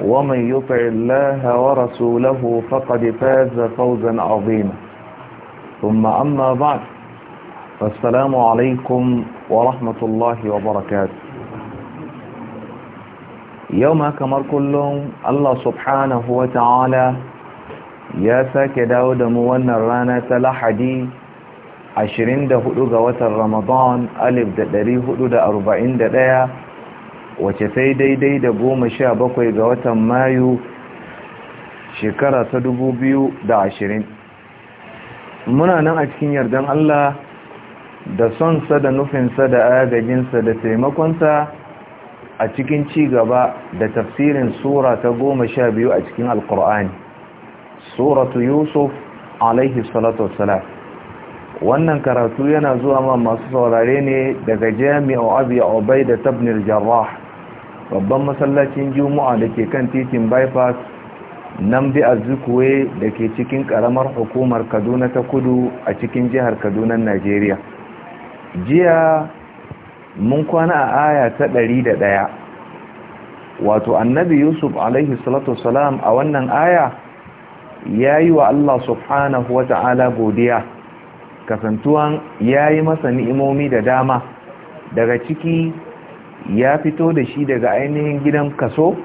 ومن يطع الله ورسوله فقد فاز فوزا عظيما ثم أما بعد فالسلام عليكم ورحمة الله وبركاته يوم كمر كلهم الله سبحانه وتعالى يا ساك داود موانا رانا تلاحدي عشرين دا هدو رمضان ألف دا داري هدو دا أربعين دا دايا wace sai daidai da goma sha bakwai ga watan mayu shekara ta dubu biyu da ashirin muna nan a cikin yardan Allah da sonsa da nufinsa da agajinsa da taimakonsa a cikin ci gaba da tafsirin sura ta goma sha biyu a cikin alkur'ani suratu yusuf alaihi salatu wasala wannan karatu yana zuwa ma masu saurare ne daga jami'a abu ya obai da tabnir jarrah babban masallacin juma'a da ke kan titin bypass namdi azukuwe da ke cikin karamar hukumar kaduna ta kudu a cikin jihar kaduna najeriya jiya mun kwana a aya ta ɗari da ɗaya. wato annabi yusuf alaihi salatu salam a wannan aya ya yi wa allah subhanahu wa ta'ala godiya kasantuwan ya yi masa ni'imomi da dama daga ciki ya fito da shi daga ainihin gidan kaso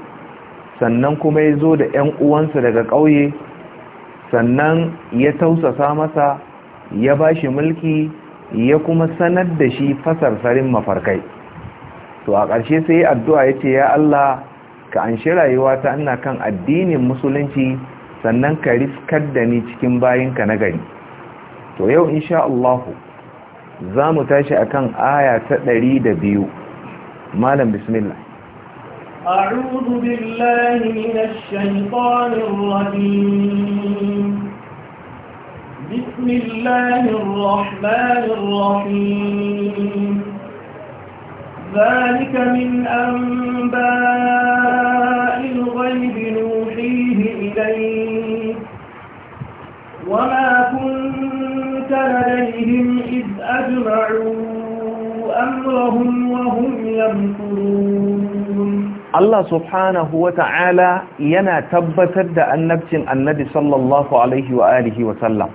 sannan kuma ya zo da 'yan uwansa daga ƙauye sannan ya tausasa masa ya ba shi mulki ya kuma sanar da shi fasarsarin mafarkai to a ƙarshe sai addu'a ya ce ya Allah ka an shi rayuwa ta ina kan addinin musulunci sannan ka riskar da ni cikin bayinka na gari to yau insha Allah za mu tashi akan aya ta ɗari da biyu. بسم الله أعوذ بالله من الشيطان الرجيم بسم الله الرحمن الرحيم ذلك من أنباء الغيب نوحيه إليك وما كنت لديهم إذ أجمعوا أمرهم يمكرون Allah subhanahu wa ta'ala yana tabbatar da annabcin annabi sallallahu Alaihi wa alihi wa sallam,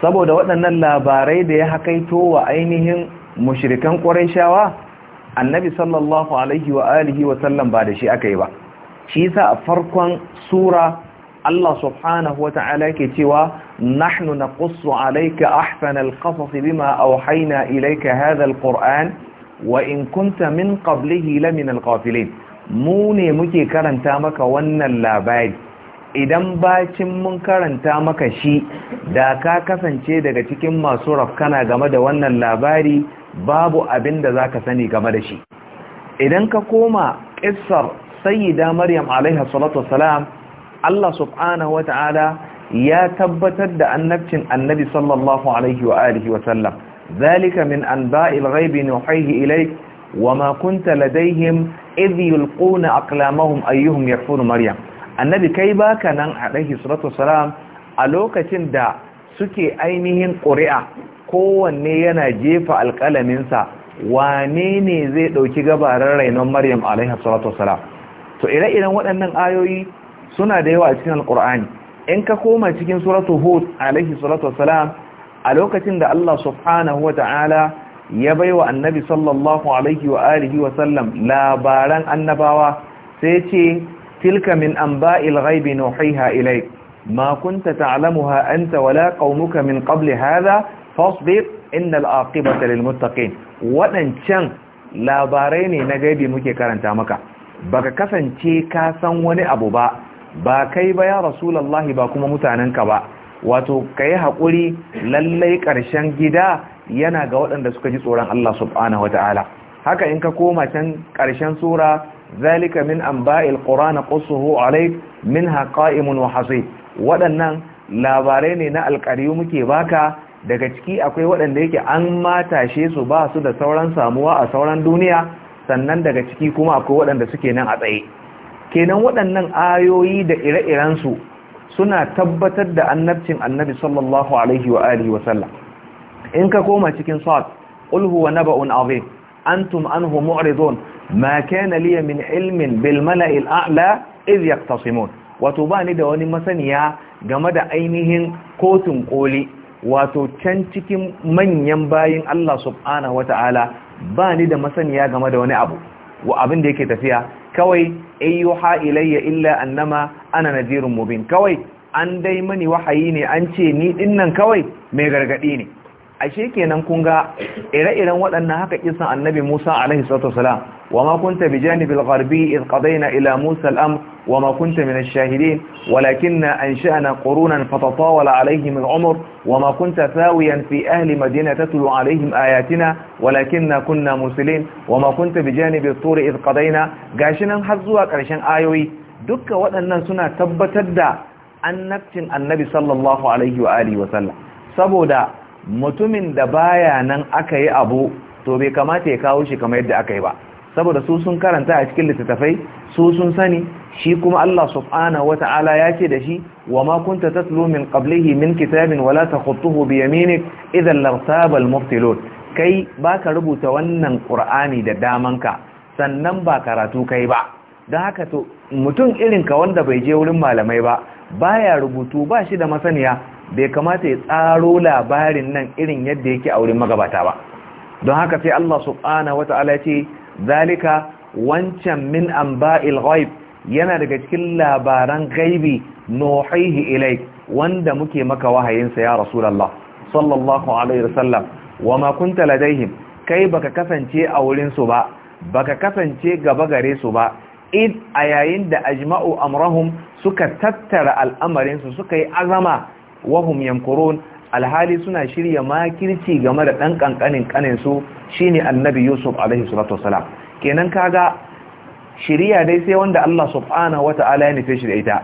saboda waɗannan labarai da ya hakaito wa ainihin mushirikan ƙwarishawa, annabi sallallahu Alaihi wa alihi wa sallam ba da shi aka yi ba. Shi sa a farkon Sura Allah subhanahu wa ta'ala ke cewa, Nahnu na ƙusu alaika ahsanal ƙasasi bima auhaina ilaika hadha al-Qur'an wa in kunta min qablihi lamin alghafilin mu ne muke karanta maka wannan labari idan bacin mun karanta maka shi da ka kasance daga cikin masu rafkana game da wannan labari babu abin da zaka sani game da shi idan ka koma ƙisar sayyida maryam alaiha salatu wassalam Allah subhanahu wata'ala ya tabbatar da annabcin annabi sallallahu alaihi wa alihi wa sallam ذلك من أنباء الغيب نوحيه إليك وما كنت لديهم إذ يلقون أقلامهم أيهم يكفون مريم annabi kai baka nan alaihi salatu wasalam a lokacin da suke ainihin ƙuri'a kowanne yana jefa alƙalaminsa wane ne zai ɗauki gabarar rainon maryam alaihi salatu wasalam to ire-iren waɗannan ayoyi suna da yawa a cikin alƙur'ani in ka koma cikin suratu hud alaihi salatu wasalam a lokacin da Allah subhanahu wa ta'ala ya baiwa annabi sallallahu alaihi wa alihi wa sallam labaran annabawa sai ce tilka min anba'il ghaibi nuhiha ilayk ma kunta ta'lamuha anta wala qaumuka min qabli hadha fasbir innal aqibata lil muttaqin wadancan labarai ne na gaibi muke karanta maka baka kasance ka san wani abu ba ba kai ba ya rasulullahi ba kuma mutanenka ba wato ka yi haƙuri lallai ƙarshen gida yana ga waɗanda suka ji tsoron Allah subhanahu wa ta'ala haka in ka koma can ƙarshen sura zalika min anba'il qur'ana qassuhu min minha qa'imun wa hasib waɗannan labarai ne na alƙariyu muke baka daga ciki akwai waɗanda yake an matashe su ba su da sauran samuwa a sauran duniya sannan daga ciki kuma akwai waɗanda suke nan a tsaye kenan waɗannan ayoyi da ire-irensu suna tabbatar da annabcin annabi sallallahu alaihi wa alihi wa sallam in ka koma cikin sa'ad qul huwa naba'un azim antum anhu mu'ridun ma kana li min ilmin bil mala'il a'la iz yaqtasimun wato ba ni da wani masaniya game da ainihin kotun koli wato can cikin manyan bayin Allah subhanahu wata'ala ba ni da masaniya game da wani abu wa abin da yake tafiya kawai ayyuha ilayya illa annama ana nadhirun mubin kawai an dai mani wahayi ne an ce ni dinnan kawai mai gargadi ne ashe kenan kun ga ire-iren waɗannan haka kisan annabi Musa alaihi salatu wasalam وما كنت بجانب الغربي إذ قضينا إلى موسى الأمر وما كنت من الشاهدين ولكن أنشأنا قرونا فتطاول عليهم العمر وما كنت ثاويا في أهل مدينة تتلو عليهم آياتنا ولكن كنا مرسلين وما كنت بجانب الطور إذ قضينا قاشنا حزوا قرشان آيوي دك وأننا سنة تبتدى أن نكتن النبي صلى الله عليه وآله وسلم سبودا متمن دبايا نن أكي أبو to bai kamata ya kawo shi kamar yadda aka yi ba saboda su sun karanta a cikin littattafai su sun sani shi kuma Allah subhanahu wata'ala ya ce da shi wa ma kunta tatlu min qablihi min kitabin wala takhutuhu bi yaminik idan lartaba almuftilun kai baka rubuta wannan qur'ani da damanka sannan ba karatu kai ba don haka to mutum irin ka wanda bai je wurin malamai ba baya rubutu ba shi da masaniya bai kamata ya tsaro labarin nan irin yadda yake a wurin magabata ba don haka sai Allah subhanahu wata'ala ya ce zalika wancan min anba'il ghaib yana daga cikin labaran gaibi nuhihi ilai wanda muke maka wahayinsa ya rasulullah sallallahu alaihi wasallam wama kunta ladaihim kai baka kasance a wurin su ba baka kasance gaba gare su ba id a yayin da ajma'u amrahum suka tattara al'amarin su suka yi azama wahum yankurun alhali suna shirya makirci game da ɗan ƙanƙanin ƙaninsu, su ne annabi yusuf alaihi salatu wasalam kenan kaga shirya dai sai wanda allah subhanahu wa ta'ala ya nufe shi da ita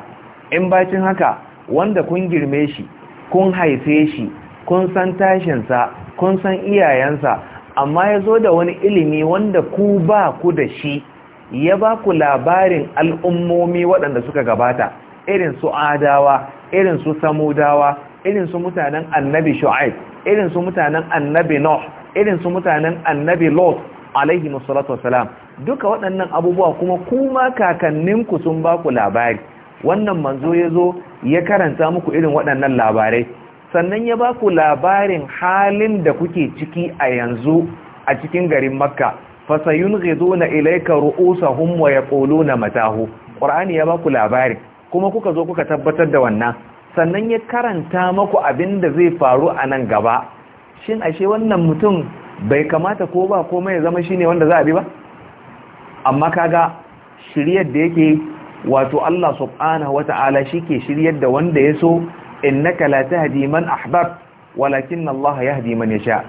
in bacin haka wanda kun girme shi kun haife shi kun san tashinsa kun san iyayensa amma ya zo da wani ilimi wanda ku ba ku da shi ya ba ku labarin al'ummomi waɗanda suka gabata irin su adawa irin su samudawa irin su mutanen annabi shu'aib irin su mutanen annabi nuh irin su mutanen annabi lot alaihi wassalatu wassalam duka waɗannan abubuwa kuma kuma kakanninku sun ba ku labari wannan manzo ya zo ya karanta muku irin waɗannan labarai sannan ya ba ku labarin halin da kuke ciki a yanzu a cikin garin makka fasayun ghizuna ilayka ru'usahum wa yaquluna matahu qur'ani ya ba ku labari kuma kuka zo kuka tabbatar da wannan sannan ya karanta maku abin da zai faru a nan gaba shin ashe wannan mutum bai kamata ko ba ko ya zama shine wanda za a bi ba amma kaga shiryar da yake wato Allah subhanahu wata'ala shike shiryar da wanda ya so innaka la tahdi man ahbab walakin Allah yahdi man yasha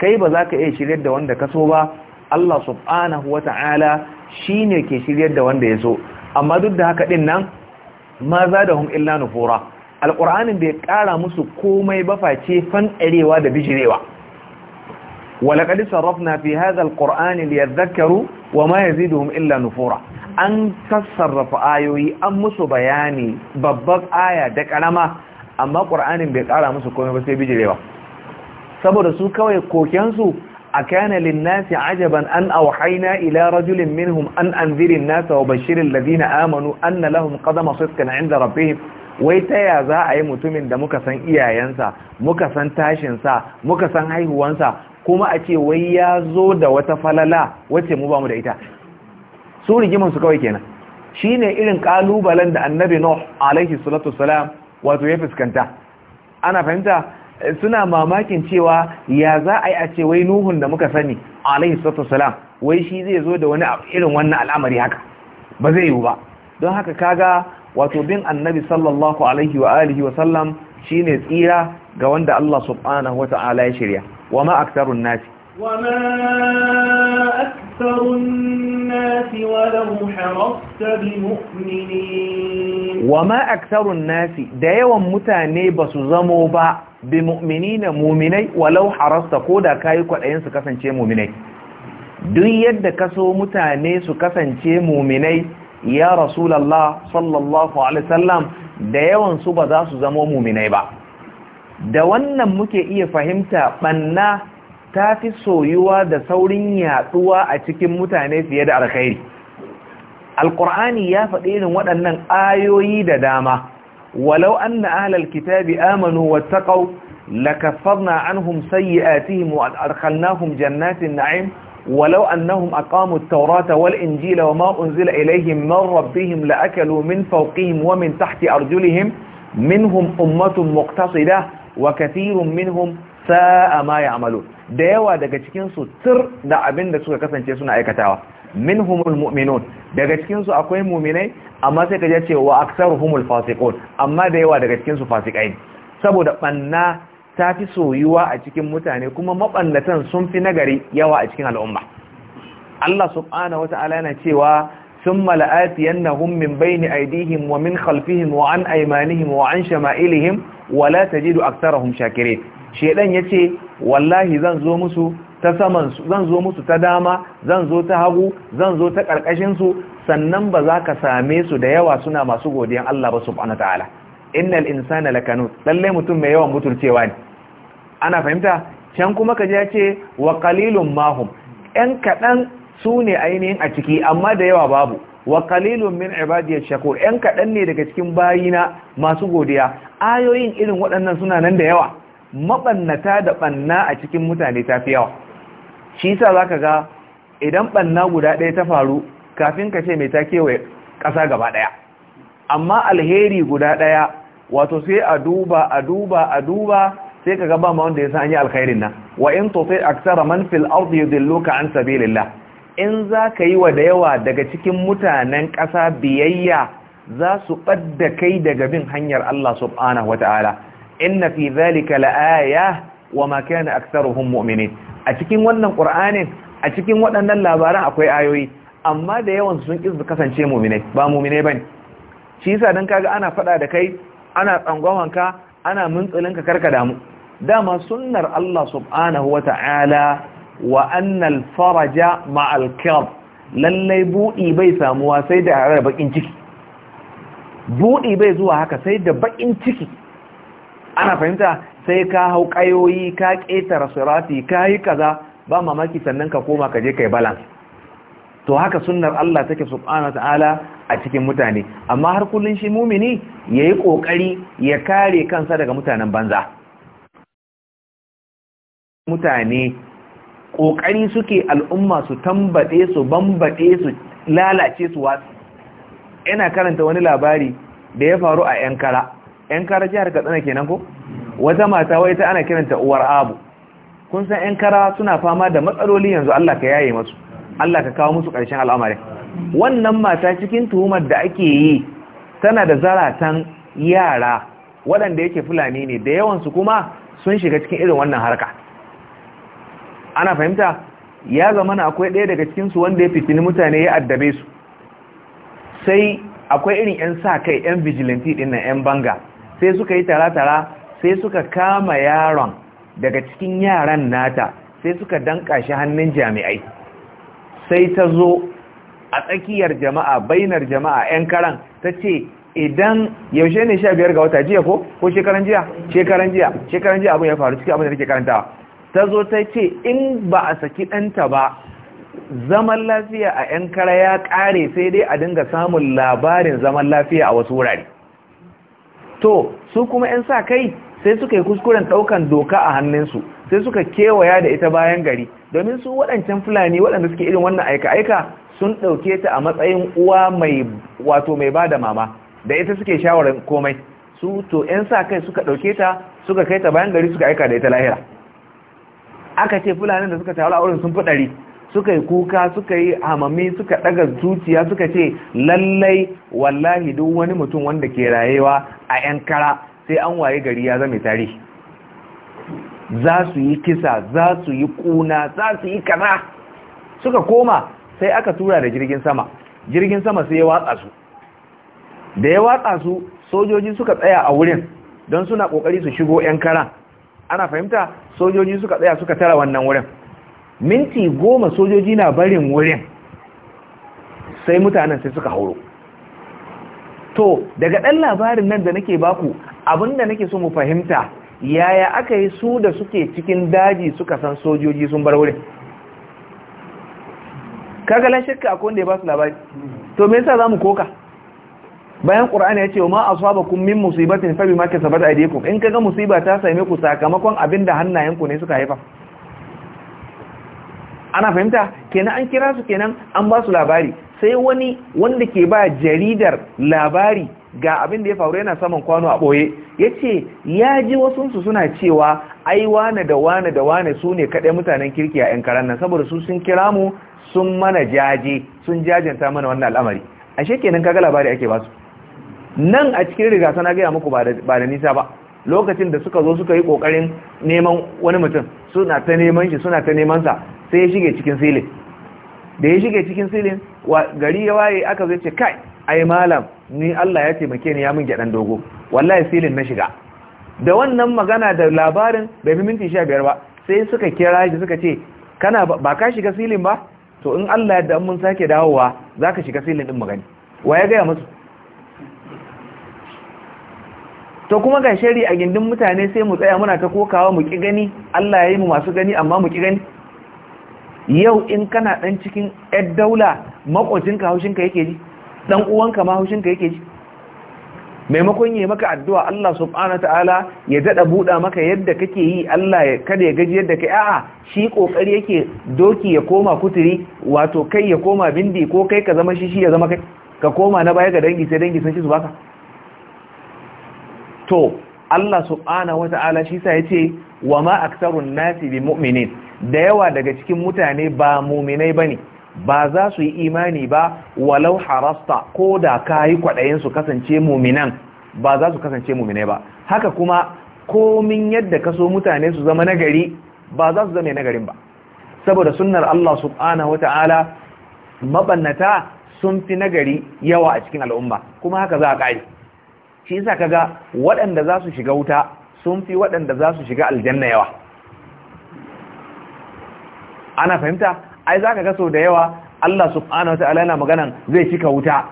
kai ba za ka iya shiryar da wanda ka so ba Allah subhanahu wata'ala shine ke shiryar da wanda ya so amma duk da haka din nan ma hum illa nufura alƙur'anin bai ƙara musu komai ba face fanɗarewa da bijirewa walaƙadi sarrafna fi hazal ƙur'anin da ya zakaru wa ma ya ziduhun illa nufura an sassarrafa ayoyi an musu bayani babban aya da ƙarama amma ƙur'anin bai ƙara musu komai ba sai bijirewa saboda su kawai kokensu a kana linnasi ajaban an auhaina ila rajulin minhum an anzirin nasa wa bashirin ladina amanu anna lahum qadama sidqan inda rabbihim wai ta ya za a yi mutumin da muka san iyayensa muka san tashinsa muka san haihuwansa kuma a ce wai ya zo da wata falala wacce mu ba mu da ita su su kawai kenan shi ne irin ƙalubalen da annabi nuh alaihi salatu salam wato ya fuskanta ana fahimta suna mamakin cewa ya za a yi a ce wai nuhun da muka sani alaihi salatu salam wai shi zai zo da wani irin wannan al'amari haka ba zai yiwu ba don haka kaga wato bin annabi sallallahu alaihi wa alihi wa sallam shine tsira ga wanda Allah subhanahu wa ta'ala ya shirya wa ma aktarun nasi wa ma aktarun nasi wa lahu harasta bi mu'minin wa ma aktarun nasi da yawan mutane ba su zamo ba bi mu'minina mu'minai wa lahu harasta ko da kayi kwaɗayin su kasance mu'minai duk yadda kaso mutane su kasance mu'minai ya rasulallah sallallahu alaihi wasallam da yawan su ba za su zama muminai ba da wannan muke iya fahimta banna ta fi soyuwa da saurin yaduwa a cikin mutane fiye da alkhairi alqur'ani ya faɗi irin waɗannan ayoyi da dama walau anna ahlal kitabi amanu wattaqau lakaffarna anhum sayyi'atihim wa adkhalnahum jannatin na'im ولو أنهم أقاموا التوراة والإنجيل وما أنزل إليهم من ربهم لأكلوا من فوقهم ومن تحت أرجلهم منهم أمة مقتصدة وكثير منهم sa'a ma ya'malu da yawa daga cikin su tur da abin suka kasance suna aikatawa minhumul mu'minun daga cikinsu akwai mu'minai amma sai kaje cewa aktsaruhumul fasiqun amma da yawa daga cikinsu fasikai saboda ɓanna. ta fi soyuwa a cikin mutane kuma maɓallatan sun fi nagari yawa a cikin al’umma. Allah subhanahu wa ta’ala yana cewa sun mala’afi yanna hun min bayani aidihim wa min khalfihim wa an aimanihim wa an shama’ilihim wa la ta jidu aksara hun shakire. Shedan ya ce, wallahi zan zo musu ta dama, zan zo ta hagu, zan zo ta ƙarƙashinsu, sannan ba za ka same su da yawa suna masu godiyan Allah ba subhanahu ta’ala. Inna innal insana lakanut lallai mutum mai yawan mutuncewa ne ana fahimta can kuma ka je ce wa mahum Yan kaɗan su ne ainihin a ciki amma da yawa babu wa min ibadiyash shakur 'yan kaɗan ne daga cikin bayina masu godiya ayoyin irin waɗannan suna nan da yawa Maɓannata da ɓanna a cikin mutane ta fi yawa shi yasa zaka ga idan ɓanna guda ɗaya ta faru kafin ka ce mai ta kewaye ƙasa gaba ɗaya amma alheri guda ɗaya wato sai a duba a duba a duba sai kaga ba ma wanda ya san an yi alkhairin nan wa in tuti aksara man fil ardi yudilluka an sabilillah in za ka yi wa da yawa daga cikin mutanen ƙasa biyayya za su ɓadda kai daga bin hanyar Allah subhanahu Ta'ala) inna fi zalika la'aya wa ma kana aktsaruhum mu'minin a cikin wannan qur'anin a cikin waɗannan labaran akwai ayoyi amma da yawan sun ƙi kasance mu'minai ba mu'minai bane shi yasa dan kaga ana faɗa da kai ana tsangwamanka ana muntsulinka karka damu dama sunnar Allah subhanahu wa ta'ala wa annal faraja ma'al lallai buɗi bai samuwa sai da harar bakin ciki buɗi bai zuwa haka sai da baƙin ciki ana fahimta sai ka hau ƙayoyi ka ƙetara sirati ka yi kaza ba mamaki sannan ka koma ka je kai balance to haka sunnar Allah take subhanahu wa ta'ala a cikin mutane amma har kullun shi mumini yayi kokari ya kare kansa daga mutanen banza mutane kokari suke al'umma su tambade su bambade su lalace su wasu ina karanta wani labari da ya faru a yankara yankara jihar katsina kenan ko wata mata wai ta ana kiranta uwar abu kun san yankara suna fama da matsaloli yanzu Allah ka yaye musu, Allah ka kawo musu ƙarshen al'amarin wannan mata cikin tuhumar da ake yi tana da zaratan yara waɗanda yake fulani ne da yawansu kuma sun shiga cikin irin wannan harka ana fahimta ya zama na akwai ɗaya daga cikinsu wanda ya fi fitini mutane ya addabe su sai akwai irin 'yan sa kai 'yan vigilante ɗin 'yan banga sai suka yi tara-tara sai suka kama yaron daga cikin yaran nata sai suka danka shi hannun jami'ai sai ta zo a tsakiyar jama'a bainar jama'a 'yan karan ta ce idan yaushe ne sha biyar ga wata jiya ko ko shekaran jiya shekaran jiya shekaran jiya abin ya faru cikin abin da take karantawa ta zo ta ce in ba a saki ɗanta ba zaman lafiya a 'yan kara ya ƙare sai dai a dinga samun labarin zaman lafiya a wasu wurare to su kuma 'yan sa kai sai suka yi kuskuren ɗaukan doka a hannunsu sai suka kewaya da ita bayan gari domin su waɗancan fulani waɗanda suke irin wannan aika-aika sun ɗauke ta a matsayin uwa mai wato mai ba da mama da ita suke shawarar komai su to 'yan sa kai suka ɗauke ta suka kai ta bayan gari suka aika da ita lahira aka ce fulanin da suka taru a wurin sun fi ɗari suka yi kuka suka yi hamami suka ɗaga zuciya suka ce lallai wallahi duk wani mutum wanda ke rayewa a 'yan kara sai an waye gari ya zama tarihi za su yi kisa za su yi kuna za su yi kaza suka koma sai aka tura da jirgin sama jirgin sama sai ya watsa su da ya watsa su sojoji suka tsaya a wurin don suna kokari su shigo yan karan ana fahimta sojoji suka tsaya suka tara wannan wurin minti goma sojoji na barin wurin sai mutanen sai suka hauro to daga ɗan labarin nan da nake baku abinda nake so mu fahimta yaya aka yi su da suke cikin daji suka san sojoji sun bar wurin kaga la shakka akwai wanda ya ba su labari to me yasa za mu koka bayan qur'ani ya ce ma asabakum min musibatin fa bima kasabat aydikum in kaga musiba ta same ku sakamakon abinda hannayenku ne suka haifa ana fahimta kenan an kira su kenan an ba su labari sai wani wanda ke ba jaridar labari ga abin da ya faru yana saman kwano a boye ya ce ya ji wasunsu suna cewa ai wane da wane da wane su ne kaɗai mutanen kirki a 'yan karan nan saboda su sun kira mu sun mana jaje sun jajanta mana wannan al'amari ashe kenan kaga labari ake basu nan a cikin rigasa na gaya muku ba da nisa ba lokacin da suka zo suka yi kokarin neman wani mutum suna ta neman shi suna ta neman sai ya shige cikin silin da ya shige cikin silin gari ya waye aka zai ce kai ai malam ni Allah ya taimake ni ya min gyaɗan dogo wallahi silin na shiga da wannan magana da labarin bai fi minti 15 ba sai suka kira shi suka ce kana ba ka shiga silin ba to in Allah yadda mun sake dawowa za ka shiga filin din magani wa ya gaya musu to kuma ga shari a gindin mutane sai mu tsaya muna ta kokawa mu ƙi gani Allah ya yi mu masu gani amma mu ƙi gani yau in kana ɗan cikin 'yar daula makocinka haushinka yake ji ɗan uwanka ma haushinka yake ji maimakon yi maka addu'a Allah subhanahu ta'ala ya daɗa buɗa maka yadda kake yi Allah ya kada ya gaji yadda ka a'a shi kokari yake doki ya koma kuturi wato kai ya koma bindi ko kai ka zama shi shi ya zama kai ka koma na baya ga dangi sai dangi sun shi su baka to Allah subhanahu ta'ala shi sa ce wa ma aksarun nasi bi mu'minin da yawa daga cikin mutane ba mu'minai ne. ba za su yi imani ba walau harasta ko da ka yi kwaɗayen su kasance muminan ba za su kasance muminai ba haka kuma komin yadda ka so mutane su zama nagari ba za su zama nagarin ba saboda sunnar Allah subhanahu Ta'ala, mabannata sun fi nagari yawa a cikin al'umma kuma haka za a ƙari shi isa kaga waɗanda za su shiga wuta sun fi waɗanda za su shiga aljanna yawa ana fahimta ai zaka ga sau da yawa Allah subhanahu ta'ala yana maganan zai cika wuta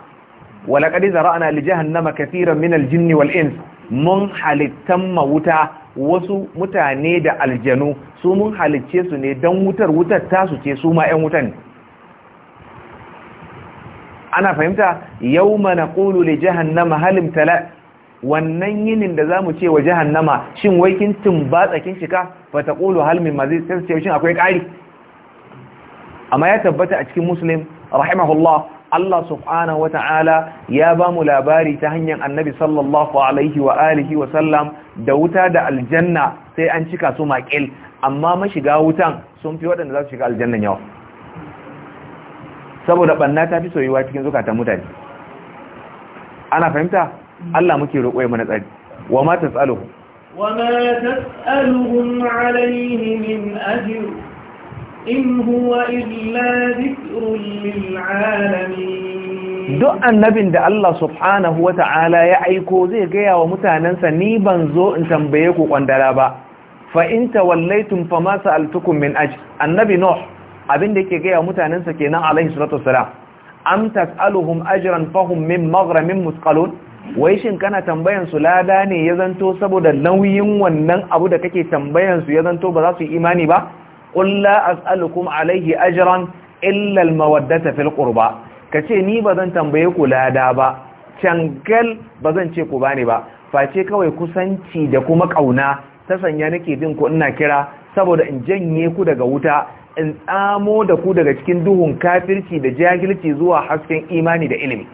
wala qad zara'na li jahannama katiran min al-jinn wal ins mun halittan ma wuta wasu mutane da aljanu su mun halicce su ne dan wutar wutar tasu ce su ma 'yan wutan ana fahimta yawma naqulu li jahannama halim tala wannan yinin da zamu ce wa jahannama shin wai kin tumbatsa kin shika fa taqulu hal min mazid sai ce shin akwai ƙari amma ya tabbata a cikin muslim rahimahullah Allah subhanahu wa ta'ala ya ba mu labari ta hanyar annabi sallallahu alaihi wa alihi wa sallam da wuta da aljanna sai an cika su maƙil amma mashiga wutan sun fi waɗanda za su shiga aljannan yawa saboda ɓanna ta fi soyuwa cikin zukatan mutane ana fahimta Allah muke roƙo ya mana tsari wa ma tas'aluhum wa ma tas'aluhum alaihi min ajr duk illa da allah للعالمين دو ya aiko zai (Wa ta'ala) ya aiko zai gaya wa mutanensa, ni ban zo in tambaye ku kwandara ba fa in fa fama altukun min aji. annabi nuh abinda yake gaya wa mutanensa ke kenan alaihi salatu wassalam am tas'aluhum ajran fahum min maghramin musqalun wai shin kana tambayan su lada ne ya zanto saboda nauyin wannan abu da kake tambayan su ya zanto ba za su yi imani ba qul la as'alukum alayhi ajran illa al-mawaddata fil qurba kace ni bazan tambaye ku lada ba cangal bazan ce ku bani ba face kawai kusanci da kuma kauna ta sanya nake jin ku ina kira saboda in janye ku daga wuta in tsamo da ku daga cikin duhun kafirci da jahilci zuwa hasken imani da ilimi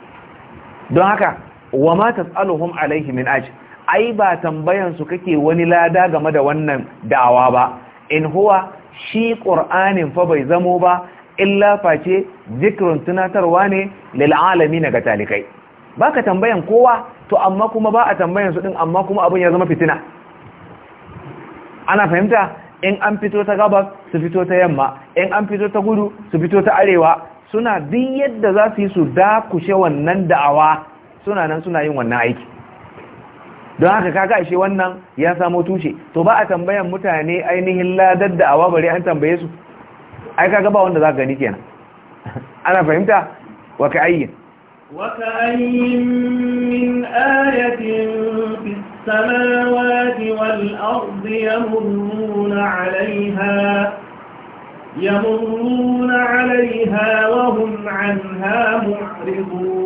don haka wa ma tas'aluhum alaihi min aj ai ba tambayan su kake wani lada game da wannan da'wa ba in huwa shi ƙur'anin fa bai zamo ba illa face zikirin tunatarwa ne lil'alami na ga talikai ba ka tambayan kowa to amma kuma ba a tambayan su ɗin amma kuma abin ya zama fitina ana fahimta in an fito ta gabas su fito ta yamma in an fito ta gudu su fito ta arewa suna duk yadda za su yi su dakushe wannan da'awa suna nan suna yin wannan aiki don haka kaga ashe wannan ya samo tushe to ba a tambayan mutane ainihin ladar da awa bare an tambaye su ai kaga ba wanda za gani kenan ana fahimta wa ka ayyin wa ka ayyin min ayatin fis samawati wal ardi yamurruna 'alayha yamurruna 'alayha wa hum 'anha mu'ridun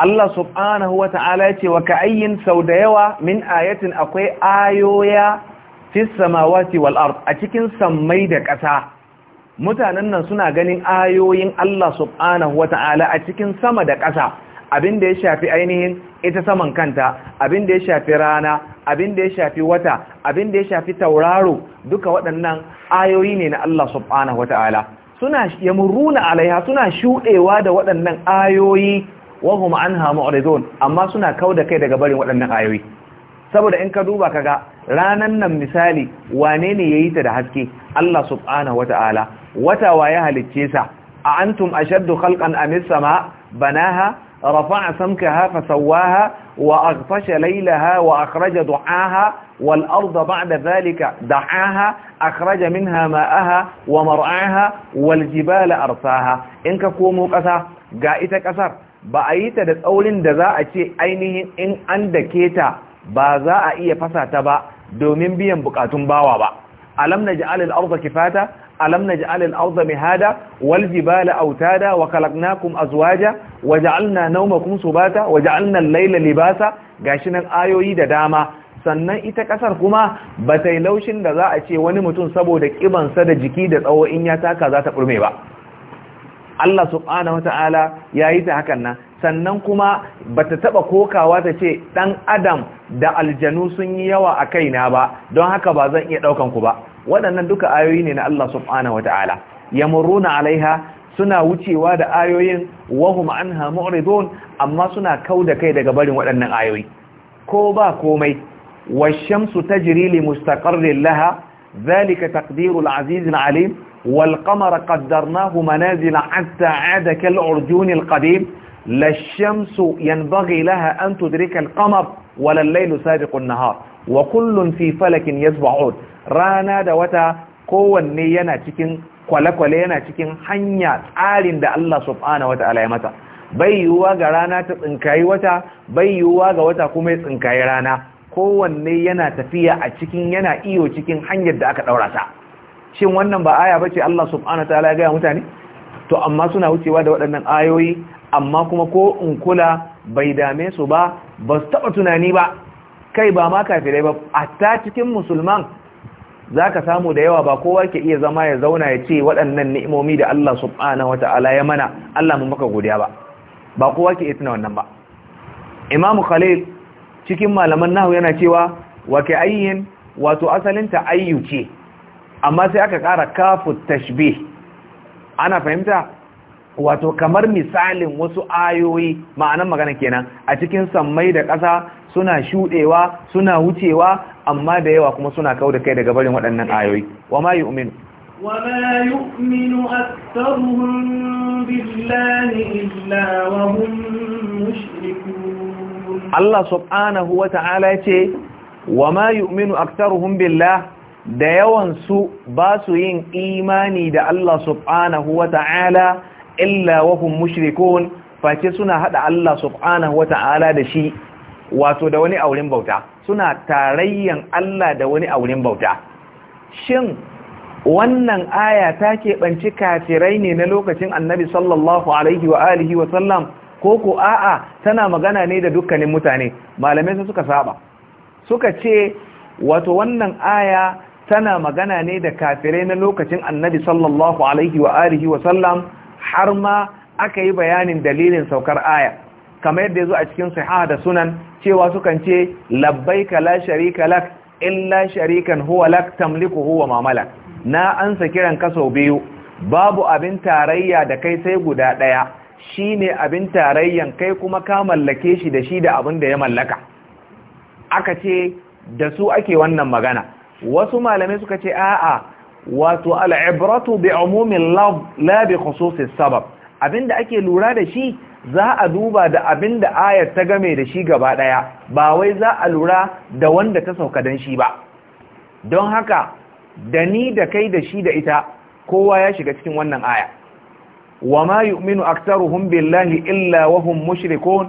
Allah subhanahu wa ta'ala ya ce wa ka'ayyin sau da yawa min ayatin akwai ayoya fi samawati wal ard a cikin sammai da ƙasa mutanen nan suna ganin ayoyin Allah subhanahu wa ta'ala a cikin sama da ƙasa abin da ya shafi ainihin ita saman kanta abin da ya shafi rana abin da ya shafi wata abin da ya shafi tauraro duka waɗannan ayoyi ne na Allah subhanahu wata'ala suna yamuruna alaiha suna shuɗewa da waɗannan ayoyi wahum anha mu'ridun amma suna kauda kai daga barin waɗannan ayoyi saboda in ka duba kaga ranan nan misali wane ne yayi ta da haske Allah subhanahu wata'ala wata waye halicce sa a antum ashaddu khalqan am as-sama banaha rafa'a samkaha fasawwaha wa aghtasha laylaha wa akhraja du'aha والأرض akraja ذلك دعاها wa منها waljibala arsaha in ka komo كومو ga ita kasar. ba a yi ta da tsaurin da za a ce ainihin in an dake ta ba za a iya fasa ta ba domin biyan bukatun bawa ba alam naj'al al-ardha kifata alam naj'al al-ardha mihada wal jibala autada wa khalaqnakum azwaja waja'alna nawmakum subata waja'alna al-layla libasa gashi nan ayoyi da dama sannan ita kasar kuma ba ta laushin da za a ce wani mutum saboda kibansa da jiki da tsawo in ya taka za ta burme ba Allah subhanahu wata'ala ya yi ta hakan nan sannan kuma bata taba kokawa ta ce dan adam da aljanu sun yi yawa a kaina ba don haka ba zan iya daukan ku ba waɗannan duka ayoyi ne na Allah subhanahu wata'ala yamuruna alaiha suna wucewa da ayoyin wahum anha mu'ridun amma suna kauda kai daga barin waɗannan ayoyi ko ba komai washamsu tajri li mustaqarrin laha zalika takdirul azizil alim والقمر قدرناه منازل حتى عاد كالعرجون القديم لا الشمس ينبغي لها أن تدرك القمر ولا الليل سابق النهار وكل في فلك يسبحون رانا دوتا kowanne yana cikin kwale-kwale yana cikin hanya tsarin da Allah subhanahu wata'ala ya mata bai yiwuwa ga rana ta tsinkayi wata bai yiwuwa ga wata kuma ya tsinkayi rana kowanne yana tafiya a cikin yana iyo cikin hanyar da aka daura ta shin wannan ba aya bace Allah subhanahu wataala ya gaya mutane to amma suna wucewa da waɗannan ayoyi amma kuma ko in kula bai dame su ba ba su taɓa tunani ba kai ba ma kafirai ba hatta cikin musulman za ka samu da yawa ba kowa ke iya zama ya zauna ya ce waɗannan ni'imomi da Allah subhanahu wata'ala ya mana Allah mu maka godiya ba ba kowa ke tuna wannan ba Imam Khalil cikin malaman nahu yana cewa wa ka'ayyin wato asalin ta'ayyu ce amma sai aka kara kafu tashbe. ana fahimta wato kamar misalin wasu ayoyi ma'anan magana kenan a cikin sammai da ƙasa suna shuɗewa suna wucewa amma da yawa kuma suna kawo da kai daga barin waɗannan ayoyi wa ma yu'minu وما يؤمن أكثرهم بالله إلا وهم مشركون الله سبحانه وتعالى يقول وما da yawansu ba su yin imani da Allah subhanahu wa ta'ala illa wahum mushrikun face suna hada Allah subhanahu wa ta'ala da shi wato da wani auren bauta suna tarayyan Allah da wani auren bauta shin wannan aya ta keɓanci kafirai ne na lokacin annabi sallallahu alaihi wa alihi wa sallam ko ko a'a tana magana ne da dukkanin mutane malamai su suka saba suka ce wato wannan aya tana magana ne da kafirai na lokacin annabi sallallahu alaihi wa alihi wa sallam har ma aka yi bayanin dalilin saukar aya kamar yadda yazo a cikin sahiha da sunan cewa sukan ce labbaika la sharika lak illa sharikan huwa lak tamliku huwa ma malak na ansa kiran ka sau biyu babu abin tarayya da kai sai guda daya shine abin tarayyan kai kuma ka mallake shi da shi da abin da ya mallaka aka ce da su ake wannan magana wasu malamai suka ce a'a wato al'ibratu bi umumin la bi khususis sabab abinda ake lura da shi za a duba da abinda ayar ta game da shi gaba daya ba wai za a lura da wanda ta sauka dan shi ba don haka da ni da kai da shi da ita kowa ya shiga cikin wannan aya wa ma yu'minu aktsaruhum billahi illa wa hum mushrikun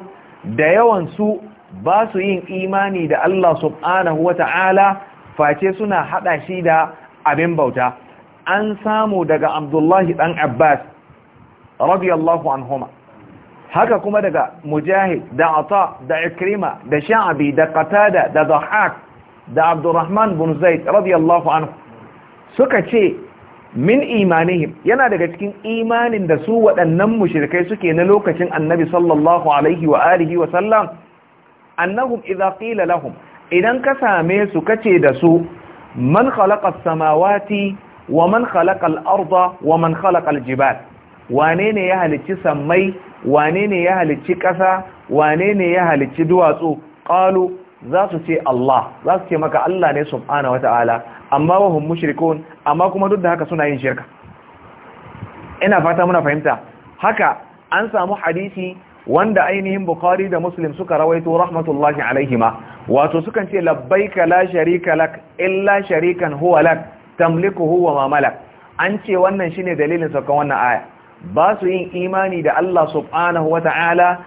da yawan su ba su yin imani da Allah subhanahu wata'ala face suna hada shi da abin bauta an samu daga abdullahi dan abbas radiyallahu anhuma haka kuma daga mujahid da ata da ikrima da sha'abi da qatada da dhahak da abdurrahman bin zaid radiyallahu anhu suka ce min imanihim yana daga cikin imanin da su waɗannan mushrikai suke na lokacin annabi sallallahu alaihi wa alihi wa sallam annahum idza qila lahum idan ka same su kace da su man khalaqa samawati wa man khalaqa al wa man khalaqa al-jibal wane ne ya halicci sammai wane ne ya halicci ƙasa wane ne ya halicci duwatsu qalu za su ce Allah za su ce maka Allah ne subhanahu wata'ala amma wahum mushrikun amma kuma duk da haka suna yin shirka ina fata muna fahimta haka an samu hadisi wanda ainihin bukhari da muslim suka rawaito rahmatullahi alaihima wato sukan ce labbaika la sharika lak illa sharikan huwa lak tamlikuhu wa ma malak an ce wannan shine dalilin saukan wannan aya ba su yin imani da Allah subhanahu wata'ala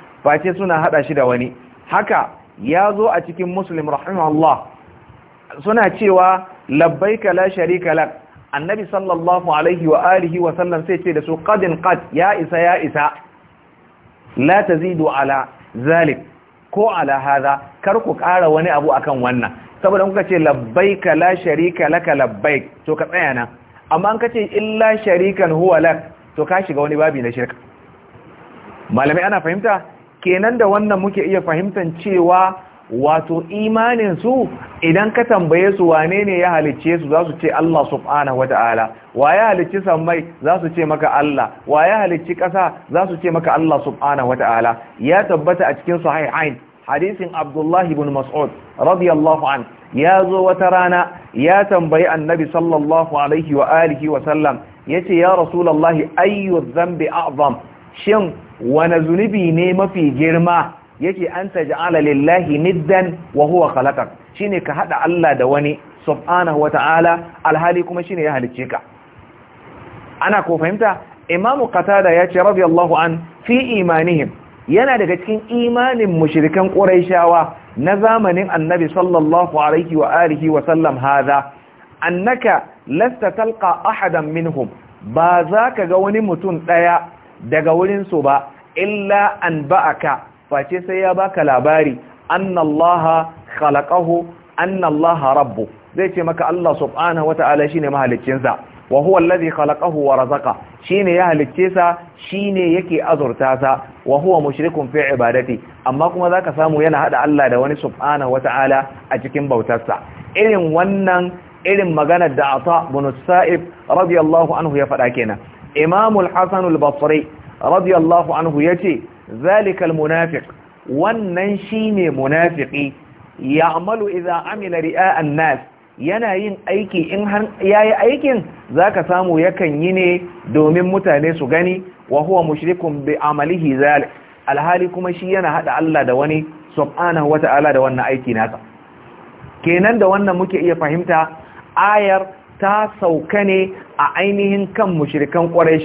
ce suna hada shi da wani haka ya zo a cikin muslim rahimahullah suna cewa labbaika la sharika lak annabi sallallahu alaihi wa alihi wa sallam sai ce da su qadin qad ya isa ya isa la tazidu ala zalik ko ala hadha kar ku ƙara wani abu akan wannan saboda kuka ce ka la sharika laka labbaik to ka tsaya nan amma an kace illa sharikan huwa lak to ka shiga wani babi na shirka malamai ana fahimta kenan da wannan muke iya fahimtan cewa wato imanin su idan ka tambaye su wane ne ya halicce su za su ce Allah subhanahu wata'ala wa ya halicci sammai za su ce maka Allah wa ya halicci ƙasa za su ce maka Allah subhanahu wata'ala ya tabbata a cikin sahihain hadisin Abdullahi bin Mas'ud radiyallahu an ya zo wata rana ya tambayi annabi sallallahu alaihi wa alihi wa sallam ce ya rasulullahi ayyu zambi a'zam shin wani zunubi ne mafi girma yake an taj'ala lillahi niddan wa huwa khalaqak shine ka hada Allah da wani subhanahu wa ta'ala alhali kuma shine ya halicce ka ana ko fahimta imam qatada yace radiyallahu an fi imanihim yana daga cikin imanin mushrikan quraishawa na zamanin annabi sallallahu alaihi wa alihi wa sallam hadha annaka lasta talqa ahadan minhum ba za ka ga wani mutum daya daga wurin su ba illa an ba'aka face sai ya baka labari annallaha khalaqahu annallaha rabbu zai ce maka Allah subhanahu wata'ala shine mahaliccinsa wa huwa alladhi khalaqahu wa razaqa shine ya halicce sa shine yake azurta sa wa huwa mushrikun fi ibadati amma kuma zaka samu yana hada Allah da wani subhanahu wata'ala a cikin bautarsa irin wannan irin maganar da Ata bin Sa'ib radiyallahu anhu ya faɗa kenan Imam al-Hasan al-Basri radiyallahu anhu yace zalikal munafiq wannan shine munafiki ya'malu idza amila ri'a'an nas yana yin aiki in har yayi aikin zaka samu yakan yi ne domin mutane su gani wa huwa mushrikun bi amalihi zalik alhali kuma shi yana hada Allah da wani subhanahu wata'ala da wannan aiki nasa kenan da wannan muke iya fahimta ayar ta sauka ne a ainihin kan mushrikan ƙwarai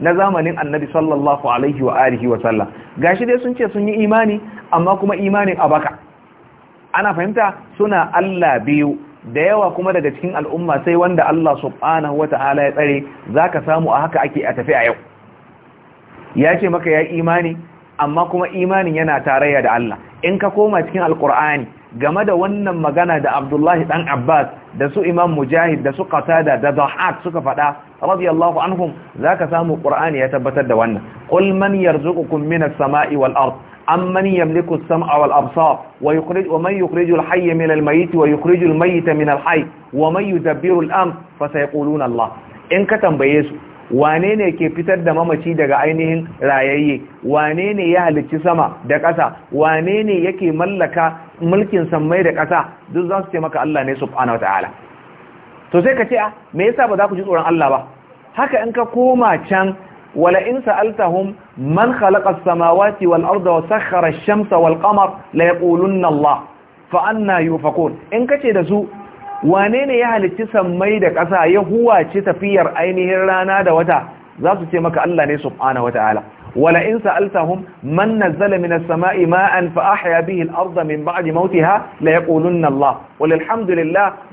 na zamanin annabi sallallahu alaihi wa arihi wa sallam gashi dai sun ce sun yi imani amma kuma imanin abaka ana fahimta suna Allah biyu da yawa kuma daga cikin al'umma sai wanda Allah subhanahu wa ta'ala ya tsare za ka samu a haka ake a tafi a yau ya ce maka ya imani amma kuma imanin yana tarayya da Allah in ka koma cikin alkur'ani game da wannan magana da Abdullahi dan Abbas da su Imam Mujahid da su Qatada da Dhahak suka faɗa radiyallahu anhum zaka samu Qur'ani ya tabbatar da wannan qul man yarzuqukum minas sama'i wal ard amman yamliku as-sam'a wal absar wa yukhrij wa man yukhriju al-hayya min al-mayyit wa yukhriju al-mayyita min al-hayy wa man yudabbiru al-amr fa sayaquluna Allah in ka tambaye su wane ne ke fitar da mamaci daga ainihin rayayye wane ne ya halicci sama da ƙasa wane ne yake mallaka mulkin sammai da ƙasa duk za su ce maka Allah ne subhanahu wataala to sai ka ce a ah, me yasa ba za ku ji tsoron Allah ba haka in ka koma can wala in sa'altahum man khalaqa as-samawati wal arda wa ash-shamsa wal qamar la yaqulunna Allah fa anna yufakun in ka ce da su wane ne ya halicci sammai da ƙasa ya huwace tafiyar ainihin rana da wata za su ce maka Allah ne subhanahu wataala wala in sa'altahum man nazzala min samai ma'an fa ahya bihi al-ardha min ba'di mawtiha la yaqulunna Allah wal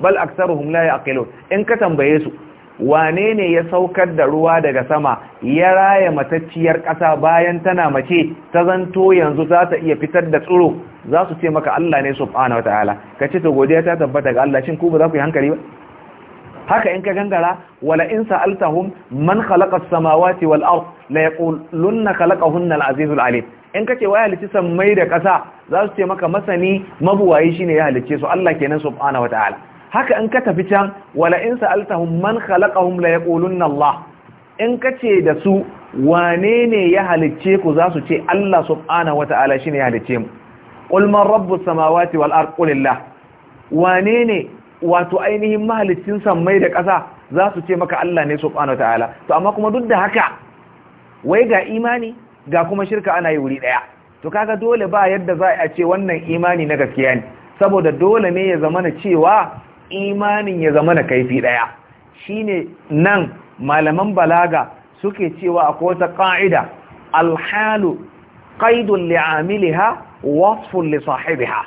bal aktharuhum la yaqilun in ka tambaye su wane ne ya saukar da ruwa daga sama ya raya matacciyar ƙasa bayan tana mace ta zanto yanzu za ta iya fitar da tsoro za su ce maka Allah ne subhanahu wataala kace to godiya ta tabbata ga Allah shin ku ba za ku yi hankali ba haka in ka gangara wala in sa'altahum man khalaqa as-samawati wal ard la yaqulunna khalaqahunna al-azizul alim in kace waya halici sammai da ƙasa za su ce maka masani mabuwayi shine ya halice su Allah kenan subhanahu wataala haka in ka tafi can wala in sa'altahum man khalaqahum la yaqulunna Allah in kace da su wane ne ya halicce ku za su ce Allah subhanahu wataala shine ya halicce mu qul man rabbus samawati wal ard Wanene. wane ne wato ainihin mahalicin sammai da ƙasa za su ce maka Allah ne subhanahu ta'ala to amma kuma duk da haka wai ga imani ga kuma shirka ana yi wuri ɗaya, to kaga dole ba yadda za a ce wannan imani na gaskiya ne saboda dole ne ya zamana cewa imanin ya zamana kaifi ɗaya. Shi ne nan malaman balaga suke cewa akwai wata ƙa'ida alhalu qaidun li'amiliha wasfun li sahibiha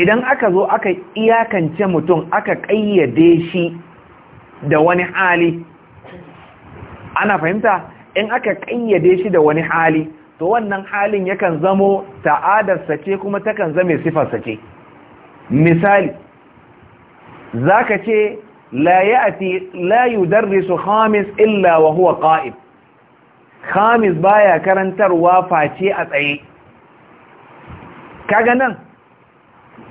idan aka zo aka iyakance mutum aka ƙayyade shi da wani hali ana fahimta in aka ƙayyade shi da wani hali to wannan halin yakan zamo ta'adarsa ce kuma takan zame sifarsa ce misali zaka ce la ya'ti la yudarrisu khamis illa wa huwa qa'im khamis baya karantarwa face a tsaye kaga nan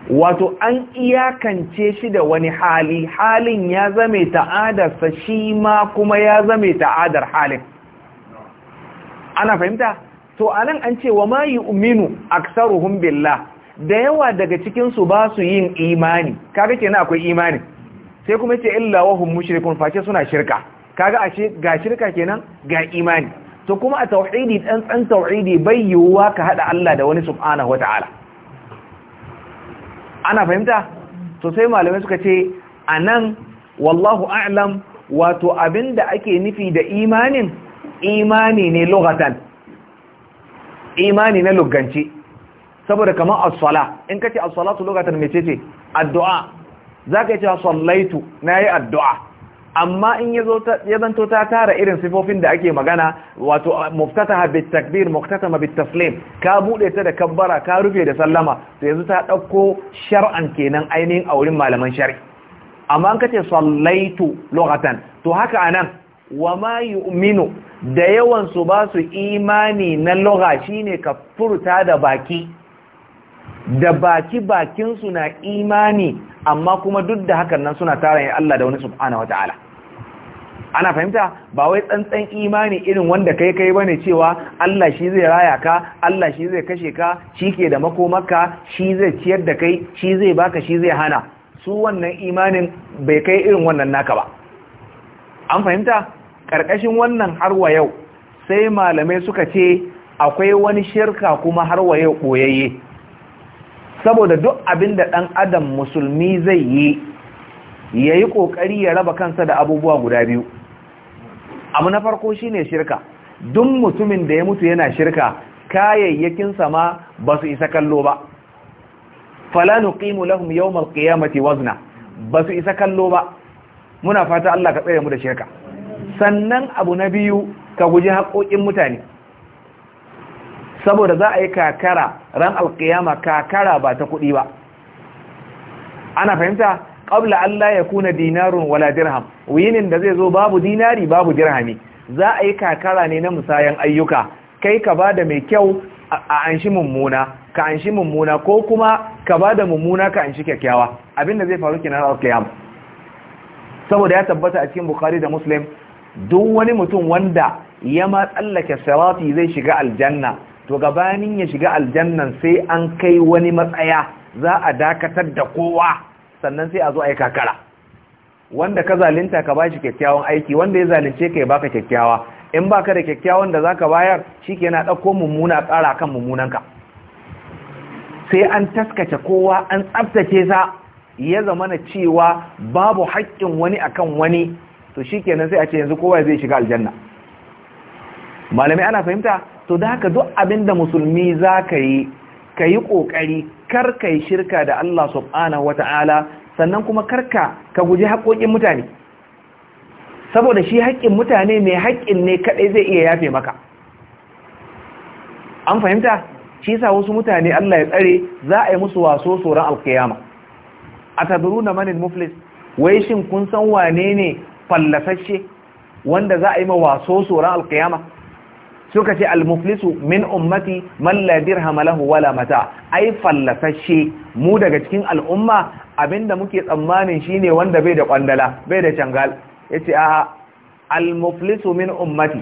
wato an iyakance shi da wani hali halin ya zame ta'adarsa shi ma kuma ya zame ta'adar halin ana fahimta to anan an ce wa ma uminu aktsaruhum billah da yawa daga cikin su ba su yin imani kaga kenan akwai imani sai kuma ce illa wa face suna shirka kaga ashe ga shirka kenan ga imani to kuma a tauhidi dan tsan tauhidi bai yiwuwa ka haɗa Allah da wani subhanahu wataala ana fahimta to sai malamai suka ce anan wallahu a'lam wato abinda ake nufi da imanin imani ne lughatan imani na luganci saboda kamar as-sala in kace as-salatu lughatan mecece addu'a zaka cewa sallaitu nayi addu'a amma in ya zanto ta tara irin sifofin da ake magana wato muftataha bit takbir muftatama bit taslim ka bude ta da kabbara ka rufe da sallama to yanzu ta dauko shar'an kenan ainihin a wurin malaman shari'a amma an kace sallaitu lughatan to haka anan wa ma yu'minu da yawan su ba su imani na lugha shine ka furta da baki da baki bakin su na imani amma kuma duk da hakan nan suna tarayin Allah da wani subhanahu wata'ala ana fahimta ba wai tsantsan imani irin wanda kai kai bane cewa Allah shi zai raya ka Allah shi zai kashe ka shi ke da makomarka shi zai ciyar da kai shi zai baka shi zai hana su wannan imanin bai kai irin wannan naka ba an fahimta karkashin wannan har wa yau sai malamai suka ce akwai wani shirka kuma har wa yau boyayye saboda duk abinda da dan adam musulmi zai yi ya yi ƙoƙari ya raba kansa da abubuwa guda biyu abu na farko shi ne shirka Dun mutumin da ya mutu yana shirka kayayyakinsa ma ba su isa kallo ba falanu qimu lahum yawmal qiyamati wazna ba su isa kallo ba muna fata Allah ka tsaye mu da shirka sannan abu na biyu ka guji haƙoƙin mutane saboda za a yi kakara ran alƙiyama kakara ba ta kuɗi ba ana fahimta qabla an la yakuna dinarun wala dirham wayinin da zai zo babu dinari babu dirhami za a yi kakara ne na musayan ayyuka kai ka bada mai kyau a anshi mummuna ka anshi mummuna ko kuma ka bada mummuna ka anshi kyakkyawa abinda zai faru kenan al-qiyam saboda ya tabbata a cikin bukhari da muslim duk wani mutum wanda ya ma tsallake sirati zai shiga aljanna to gabanin ya shiga aljannan sai an kai wani matsaya za a dakatar da kowa sannan sai a zo a yi kakara wanda ka zalinta ka ba shi kyakkyawan aiki wanda ya zalunce ka ya baka kyakkyawa in baka da kyakkyawan da zaka bayar shike na ɗauko mummuna ƙara kan mummunanka sai an taskace kowa an tsaftace sa ya zama na cewa babu haƙƙin wani akan wani to shikenan sai a ce yanzu kowa zai shiga aljanna malami ana fahimta to da haka duk abinda musulmi zaka yi ka yi ƙoƙari karka yi shirka da Allah subhanahu wata'ala sannan kuma karka ka guji haƙoƙin mutane saboda shi haƙƙin mutane mai haƙƙin ne kaɗai zai iya yafe maka an fahimta shi sa wasu mutane Allah ya tsare za a yi musu waso tsoron alkiyama a tabiru na manin muflis wai shin kun san wane ne fallasashe wanda za a yi ma waso tsoron alkiyama suka ce almuflisu min ummati man la dirham lahu wala mata ai fallasashe mu daga cikin al'umma abinda muke tsammanin shine wanda bai da kwandala bai da cangal yace a almuflisu min ummati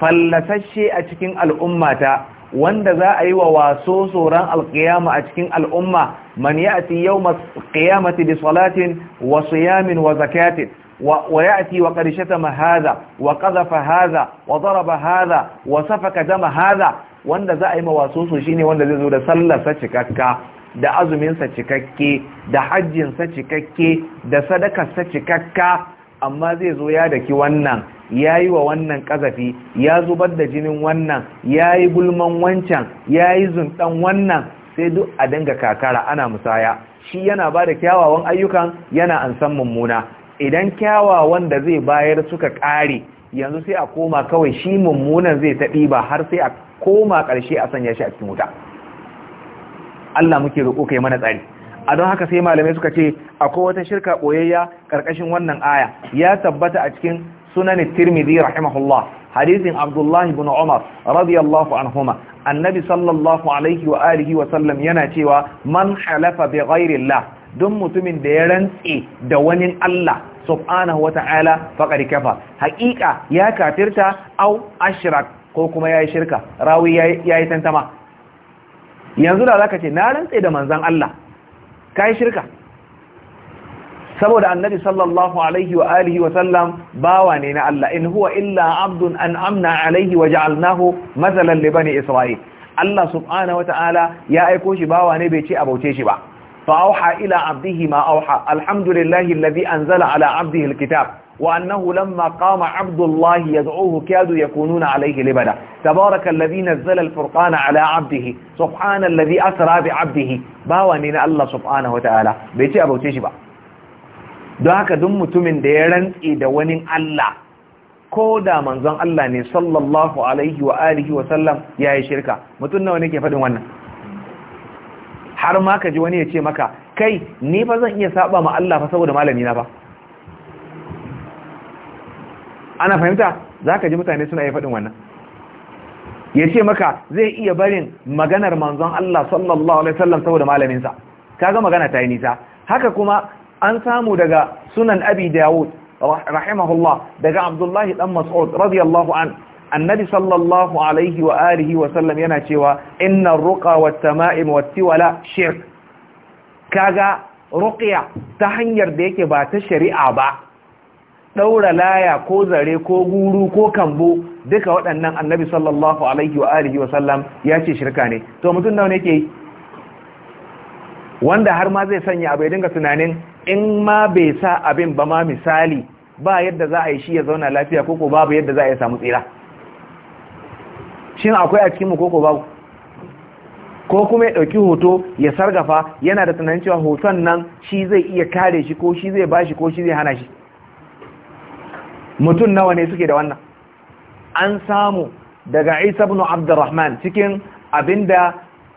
fallasashe a cikin al'ummata wanda za a yi wa waso tsoron alƙiyama a cikin al'umma man ya'ti yawma qiyamati bi salatin wa siyamin wa zakatin ويأتي وقد شتم Wa وقذف هذا وضرب هذا وسفك دم هذا wanda za a yi mawasusu shine wanda zai zo da sa cikakka da azuminsa cikakke da hajjinsa cikakke da sadakarsa cikakka amma zai zo ya daki wannan ya yi wa wannan ƙazafi ya zubar da jinin wannan ya yi gulman wancan ya yi zunɗan wannan sai duk a dinga kakara ana musaya shi yana ba da kyawawan ayyukan yana an san mummuna idan kyawawan da zai bayar suka ƙare yanzu sai a koma kawai shi mummunan zai taɗi ba har sai a koma ƙarshe a sanya shi a cikin wuta Allah muke roƙo kai mana tsari a don haka sai malamai suka ce akwai wata shirka ɓoyayya ƙarƙashin wannan aya ya tabbata a cikin sunanin tirmidhi rahimahullah hadisin abdullah ibn umar radiyallahu anhuma annabi sallallahu alaihi wa alihi wa sallam yana cewa man halafa bi ghairillah don mutumin da ya rantse da wani Allah subhanahu ta'ala faqad kafa haqiqa ya kafirta au ashrak ko kuma yayi shirka rawi yayi tantama yanzu da zaka ce na rantse da manzon Allah kai shirka saboda annabi sallallahu alaihi wa alihi wa sallam bawa ne na Allah in huwa illa abdun an'amna alaihi wa ja'alnahu masalan li bani isra'il Allah subhanahu ta'ala ya aiko shi bawa ne bai ce abauce shi ba فأوحى إلى عبده ما أوحى الحمد لله الذي أنزل على عبده الكتاب وأنه لما قام عبد الله يدعوه كادوا يكونون عليه لبدا تبارك الذي نزل الفرقان على عبده سبحان الذي أسرى بعبده باوانين الله سبحانه وتعالى بيتي أبو تيشبا دعاك دم تمن ديران إدوانين الله كودا منزان الله صلى الله عليه وآله وسلم يا شركة متنا ونكي فدوانا har ma ka ji wani ya ce maka kai ni fa zan iya saba ma Allah fa saboda malami na fa ana fahimta za ka ji mutane suna iya faɗin wannan ya ce maka zai iya barin maganar manzon Allah sallallahu alaihi wasallam saboda malaminsa kaga magana ta yi nisa haka kuma an samu daga sunan abi dawud rahimahullah daga abdullahi dan mas'ud radiyallahu an annabi sallallahu alaihi wa alihi wa sallam yana cewa inna ruqa wat tama'im wat tiwala shirk kaga ruqya ta hanyar da yake ba ta shari'a ba daura laya ko zare ko guru ko kambo duka waɗannan annabi sallallahu alaihi wa alihi wa sallam ya ce shirka ne to mutum nawa ne yake wanda har ma zai sanya abai dinga tunanin in ma bai sa abin ba ma misali ba yadda za a yi shi ya zauna lafiya ko ko babu yadda za a yi samu tsira shin akwai a cikin mu koko babu ko kuma ya ɗauki hoto ya sargafa yana da tunanin cewa hoton nan shi zai iya kare shi ko shi zai bashi ko shi zai hana shi mutum nawa ne suke da wannan an samu daga isa bin abdurrahman cikin abinda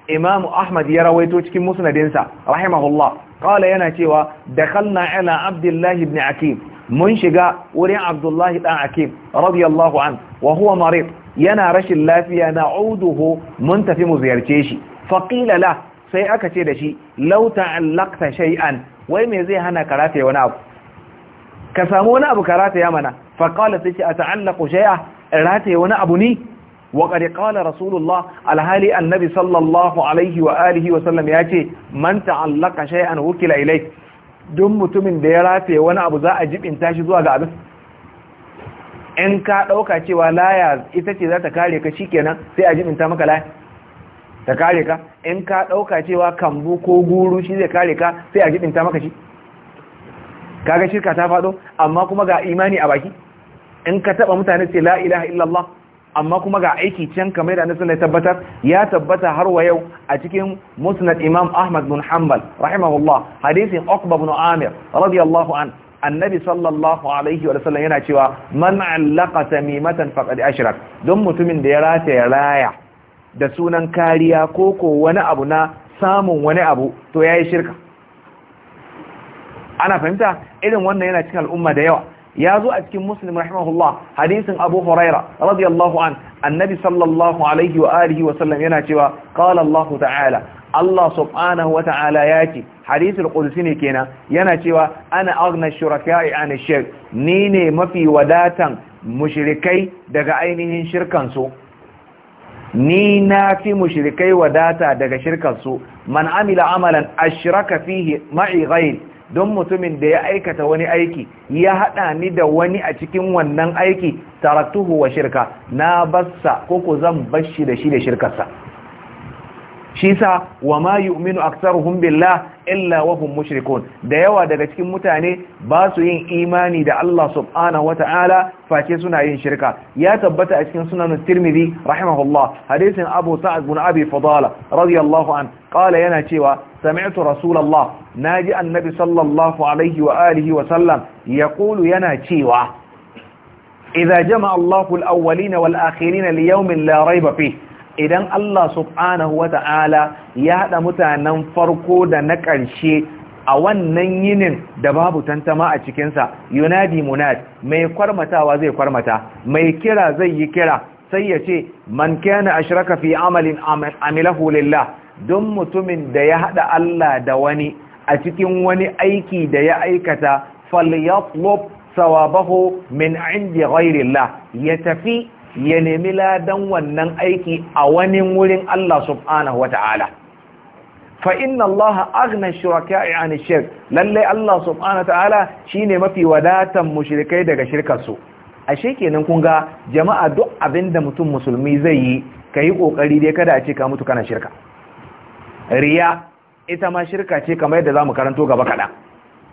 imam ahmad ya rawaito cikin musnadinsa rahimahullah qala yana cewa dakhalna ala abdullahi ibn akim mun shiga wurin Abdullahi dan akim radiyallahu an wa huwa marid yana rashin lafiya na uduhu mun tafi mu ziyarce shi faqila la sai aka ce da shi law ta'allaqta shay'an wai me zai hana karate wani abu ka samu wani abu karate ya mana faqala sai a ta'allaqu shay'a rate wani abu ni wa qad qala rasulullah alhali annabi sallallahu alaihi wa alihi wa sallam ya ce man ta'allaqa shay'an wukila ilai duk mutumin da ya rataye wani abu za a jibinta shi zuwa ga abin in ka ɗauka cewa laya ita ce za ta kare ka shikenan sai a jibinta maka laya ta kare ka in ka ɗauka cewa kambu ko guru shi zai kare ka sai a jibinta maka shi kaga shirka ta faɗo amma kuma ga imani a baki in ka taɓa mutane sai la ilaha illallah amma kuma ga aiki can kamar da nasu ya tabbatar ya tabbata har wa yau a cikin musnad imam ahmad bin hanbal rahimahullah hadisin uqba bin amir radiyallahu an annabi sallallahu alaihi yana cewa man allaka tamimatan faqad ashrak don mutumin da ya rataya raya da sunan kariya ko ko wani abu na samun wani abu to yayi shirka ana fahimta irin wannan yana cikin al'umma da yawa ya zo a cikin muslim rahimahullah hadisin abu huraira radiyallahu an annabi sallallahu alaihi wa alihi wa sallam yana cewa qala allah ta'ala allah subhanahu wa ta'ala yace hadisul qudsi ne kenan yana cewa ana aghna shuraka'i an shirk ni ne mafi wadatan mushrikai daga ainihin shirkan su ni na fi mushrikai wadata daga shirkan su man amila amalan ashraka fihi ma'i ghayr don mutumin da ya aikata wani aiki ya haɗa ni da wani a cikin wannan aiki taraktuhu wa shirka na bassa ko ku zan bashi da shi da shirkarsa shi sa wa ma yu'minu aktsaruhum billah illa wahum mushrikun da yawa daga cikin mutane ba su yin imani da Allah subhanahu wata'ala face suna yin shirka ya tabbata a cikin sunan Tirmidhi rahimahullah hadisin Abu Sa'ad bin Abi Fadala radiyallahu an qala yana cewa sami'tu rasulullah naji annabi sallallahu alaihi wa alihi wa sallam yaqulu yana cewa idza jama'a Allahu al-awwalina wal-akhirina li yawmin la rayba fihi idan Allah subhanahu wa ta'ala ya haɗa mutanen farko da na ƙarshe a wannan yinin da babu tantama a cikinsa yunadi munad mai kwarmatawa zai kwarmata mai kira zai yi kira sai ya ce man kana ashraka fi amalin amilahu lillah don mutumin da ya haɗa Allah da wani a cikin wani aiki da ya aikata falyatlub sawabahu min indi ghairillah ya tafi ya nemi ladan wannan aiki a wani wurin Allah subhanahu ta’ala. fa inna Allah aghna shuraka'i 'an shirk lalle Allah subhanahu shine mafi wadatan mushrikai daga shirkar su ashe kenan kun ga jama'a duk abinda mutum musulmi zai yi kai kokari dai kada a ce ka mutu kana shirka riya ita ma shirka ce kamar yadda zamu karanto gaba kaɗan.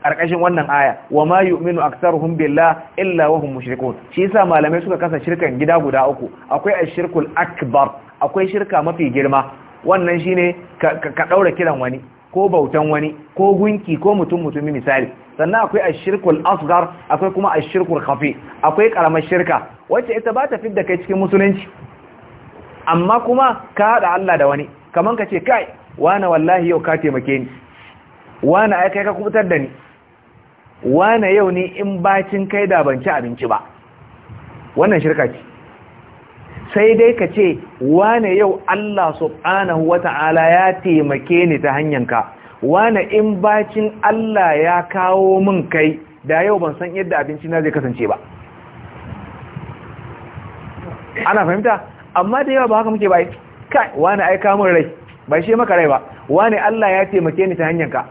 karkashin wannan aya wa ma yu'minu aktsaruhum billah illa wa hum mushrikun shi yasa malamai suka kasa shirkan gida guda uku akwai shirkul akbar akwai shirka mafi girma wannan shine ka daura kiran wani ko bautan wani ko gunki ko mutum mutumi misali sannan akwai shirkul asghar akwai kuma shirkul khafi akwai karamar shirka wacce ita ba ta fidda kai cikin musulunci amma kuma ka haɗa Allah da wani kamar ka ce kai wani wallahi yau ka taimake ni wani aika kai ka kubutar da ni wane yau ne in bacin kai da ban ci abinci ba wannan shirka ce sai dai ka ce wane yau Allah subhanahu wata'ala ya taimake ni ta hanyanka wane in bacin Allah ya kawo min kai da yau ban san yadda abinci na zai kasance ba ana fahimta amma da yawa ba haka muke ba kai wane ai kamun rai bai shi maka rai ba wane Allah ya taimake ni ta hanyanka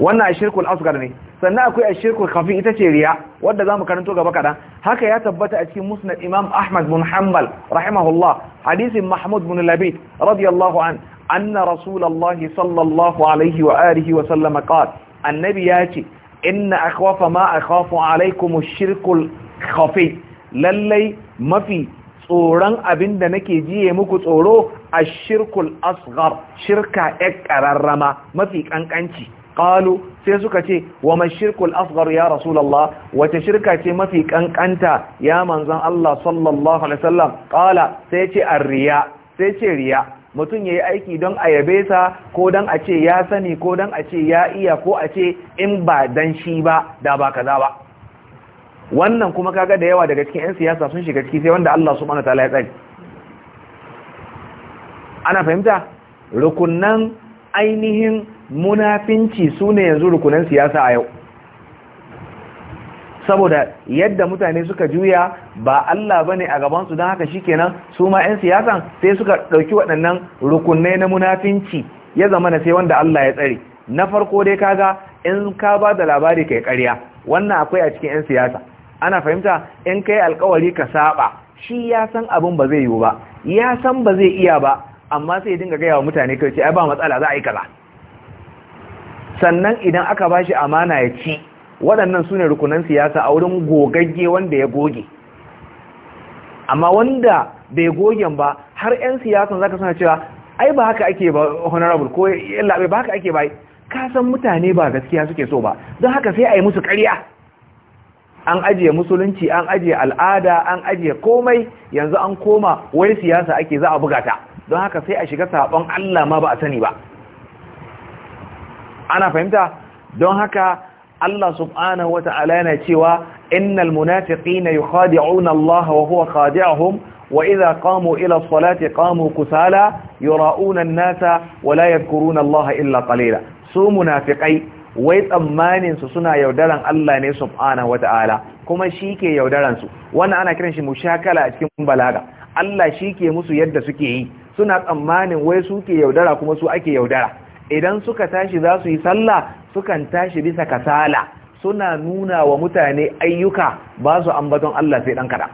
wannan ashirkul asgar ne sannan akwai ashirkul khafi ita ce riya wanda zamu karanto gaba kadan haka ya tabbata a cikin musnad imam ahmad bin hanbal rahimahullah hadisin mahmud bin labid radiyallahu an anna rasulullahi sallallahu alaihi wa alihi wa sallam qala annabi yace inna akhwafa ma akhafu alaikum ashirkul khafi lallai mafi tsoron abinda nake jiye muku tsoro ashirkul asghar shirka ƴar ƙararrama mafi ƙanƙanci qalu sai suka ce wa shirkul asghar ya rasulullah wace shirka ce mafi kankanta ya manzon Allah sallallahu alaihi wasallam qala sai ce arriya sai ce riya mutum yayi aiki don a yabe sa ko don a ce ya sani ko don a ce ya iya ko a ce in ba dan shi ba da ba kaza ba wannan kuma kaga da yawa daga cikin 'yan siyasa sun shiga ciki sai wanda Allah subhanahu wataala ya tsari ana fahimta rukunnan ainihin munafinci su ne yanzu rukunan siyasa a yau saboda yadda mutane suka juya ba Allah ba ne a gabansu don haka shikenan su ma 'yan siyasan sai suka ɗauki waɗannan rukunai na munafinci ya zama na sai wanda Allah ya tsare na farko dai kaga in ka ba da labari kai karya. wannan akwai a cikin 'yan siyasa ana fahimta in kai alkawari ka saba shi ya san abin ba zai yiwu ba ya san ba zai iya ba amma sai dinga gaya wa mutane kai ce ai ba matsala za a yi kaza sannan idan aka ba shi amana ya ci waɗannan su ne rukunan siyasa a wurin gogagge wanda ya goge amma wanda bai gogen ba har 'yan siyasan zaka suna cewa ai ba haka ake ba honorable ko labe ba haka ake ba ka san mutane ba gaskiya suke so ba don haka sai a yi musu karya. an ajiye musulunci an ajiye al'ada an ajiye komai yanzu an koma wai siyasa ake za a buga ta don haka sai a shiga sabon Allah ma ba a sani ba ana fahimta don haka Allah subhanahu wa ta'ala yana cewa innal munafiqina yukhadi'una Allah wa huwa khadi'uhum wa idha qamu ila salati qamu kusala yura'una an-nasa wa la yadhkuruna Allah illa qalila su munafiqai wai tsammanin su suna yaudaran Allah ne subhanahu wa ta'ala kuma shike yaudaran su wannan ana kiran shi mushakala a cikin balaga Allah shike musu yadda suke yi suna tsammanin wai suke yaudara kuma su ake yaudara idan suka tashi za su yi sallah sukan tashi bisa kasala suna nuna wa mutane ayyuka ba su ambaton Allah sai dan kada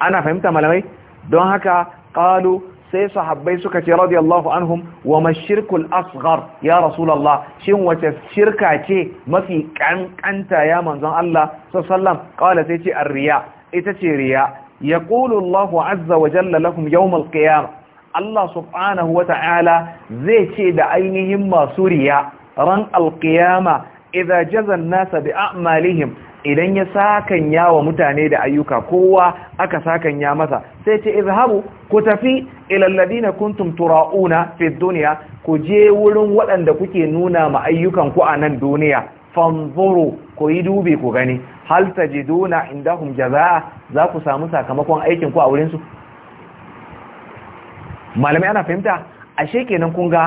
ana fahimta malamai don haka qalu sai sahabbai suka ce radiyallahu anhum wa mashirkul asghar ya rasulullah shin wace shirka ce mafi kankanta ya manzon Allah sallallahu alaihi sai ce riya ita ce riya yaqulu Allahu azza wa jalla lahum yawm al-qiyamah Allah subhanahu wa ta'ala zai ce da ainihin masu riya ran alƙiyama idan jazan nasa bi a'malihim idan ya sakanya wa mutane da ayyuka kowa aka ya masa sai ce izhabu ku tafi ila na kuntum tura'una fi dunya ku je wurin waɗanda kuke nuna ma ayyukan ku a nan duniya fanzuru ku yi dubi ku gani hal tajiduna indahum jazaa za ku samu sakamakon aikinku a wurin su malamai ana fahimta ashe kenan kun ga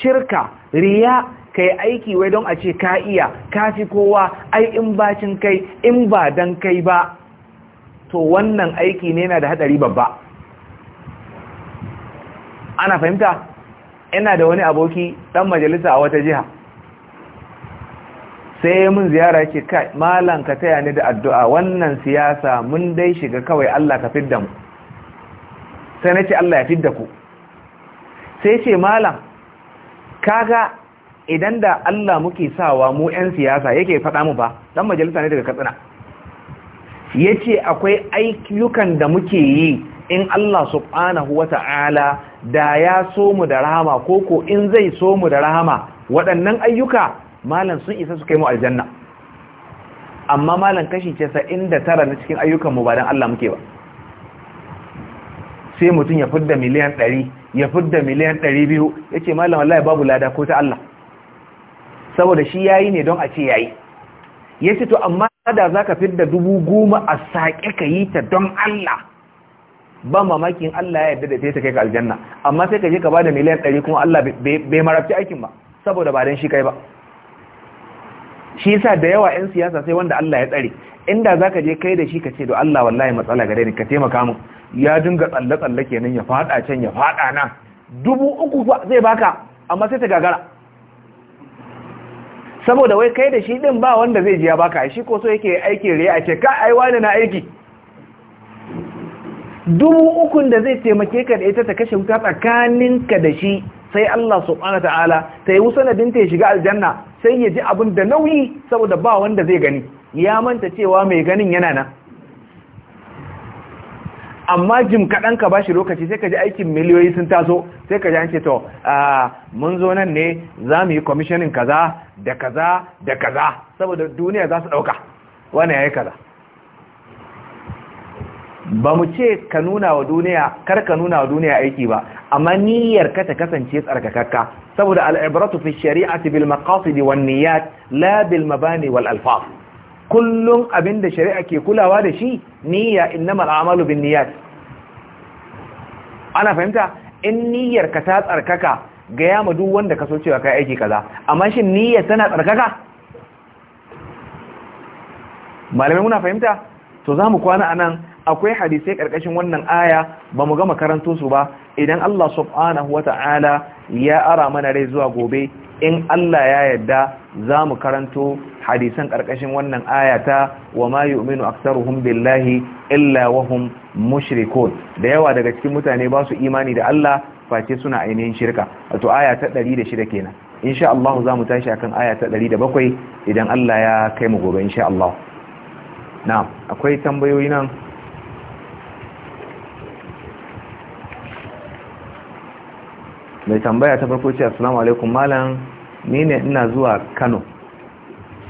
shirka riya kai aiki wai don a ce ka iya ka kowa ai in bacin kai in ba dan kai ba to wannan aiki ne yana da hadari babba ana fahimta ina da wani aboki dan majalisa a wata jiha sai mun ziyara yake kai malam ka taya ni da addu'a wannan siyasa mun dai shiga kawai Allah ka fidda mu sai nace Allah ya fidda ku sai ce malam kaga idan da Allah muke sawa mu 'yan siyasa yake faɗa mu ba dan majalisa ne daga katsina yace akwai ayyukan da muke yi in Allah subhanahu wata'ala ta'ala da ya so mu da rahama ko in zai so mu da rahama waɗannan ayyuka malam sun isa su kai mu aljanna amma malam kashi ce sa'in da tara na cikin mu ba don Allah muke ba sai mutum ya fudda miliyan ɗari ya fidda miliyan 200 ce, malam ya babu lada ko ta Allah saboda shi ya yi ne don a ce ya yayi ce to amma da za zaka fidda dubu goma a sake ka yi ta don Allah ba mamakin Allah ya yarda da ta kai ka aljanna amma sai ka je ka bada miliyan 100 kuma Allah bai marabci aikin ba saboda ba don shi kai ba shi yasa da yawa 'yan siyasa sai wanda Allah ya tsare inda ka je kai da shi ka ce do Allah wallahi matsala gare ni ka taimaka mun ya dinga tsalle-tsalle kenan ya fada can ya fada na dubu uku zai baka amma sai ta gagara saboda wai kai da shi din ba wanda zai jiya baka shi ko so yake aiki riya a ce ka wani na aiki dubu ukun da zai taimake ka da ita ta kashe wuta tsakaninka da shi sai Allah subhanahu ta'ala ta yi sanadin ta shiga aljanna sai ya ji abin da nauyi saboda ba wanda zai gani ya manta cewa mai ganin yana nan amma jim kaɗan ka bashi lokaci sai ka ji aikin miliyoyi sun taso sai ka ji an ce to mun zo nan ne za mu yi kwamishinin kaza da kaza da kaza saboda duniya za su ɗauka wani ya yi kaza ba mu ce ka nuna wa duniya kar ka nuna wa duniya aiki ba amma niyyar ka ta kasance tsarkakakka saboda al'ibratu fi shari'ati bil maqasid wan niyyat la bil mabani wal alfaz kullum abin da shari'a ke kulawa da shi niyya innamal a'malu bin niyyar. ana fahimta in niyyar ka ta tsarkaka ga yama duk wanda ka so cewa kai aiki kaza amma shin niyyar tana tsarkaka malamai muna fahimta to za mu kwana anan akwai hadisai karkashin wannan aya ba mu gama karanto su ba idan Allah subhanahu wata'ala ya ara mana rai zuwa gobe in Allah ya yadda za mu karanto hadisan ƙarƙashin wannan ayata wa ma yu'minu aktsaruhum billahi illa wa mushrikun da yawa daga cikin mutane ba su imani da Allah face suna ainihin shirka wato aya ta 106 kenan insha Allah za mu tashi akan aya ta 107 idan Allah ya kai mu gobe insha Allah na akwai tambayoyi nan mai tambaya ta farko ce assalamu alaikum malam ni ne ina zuwa kano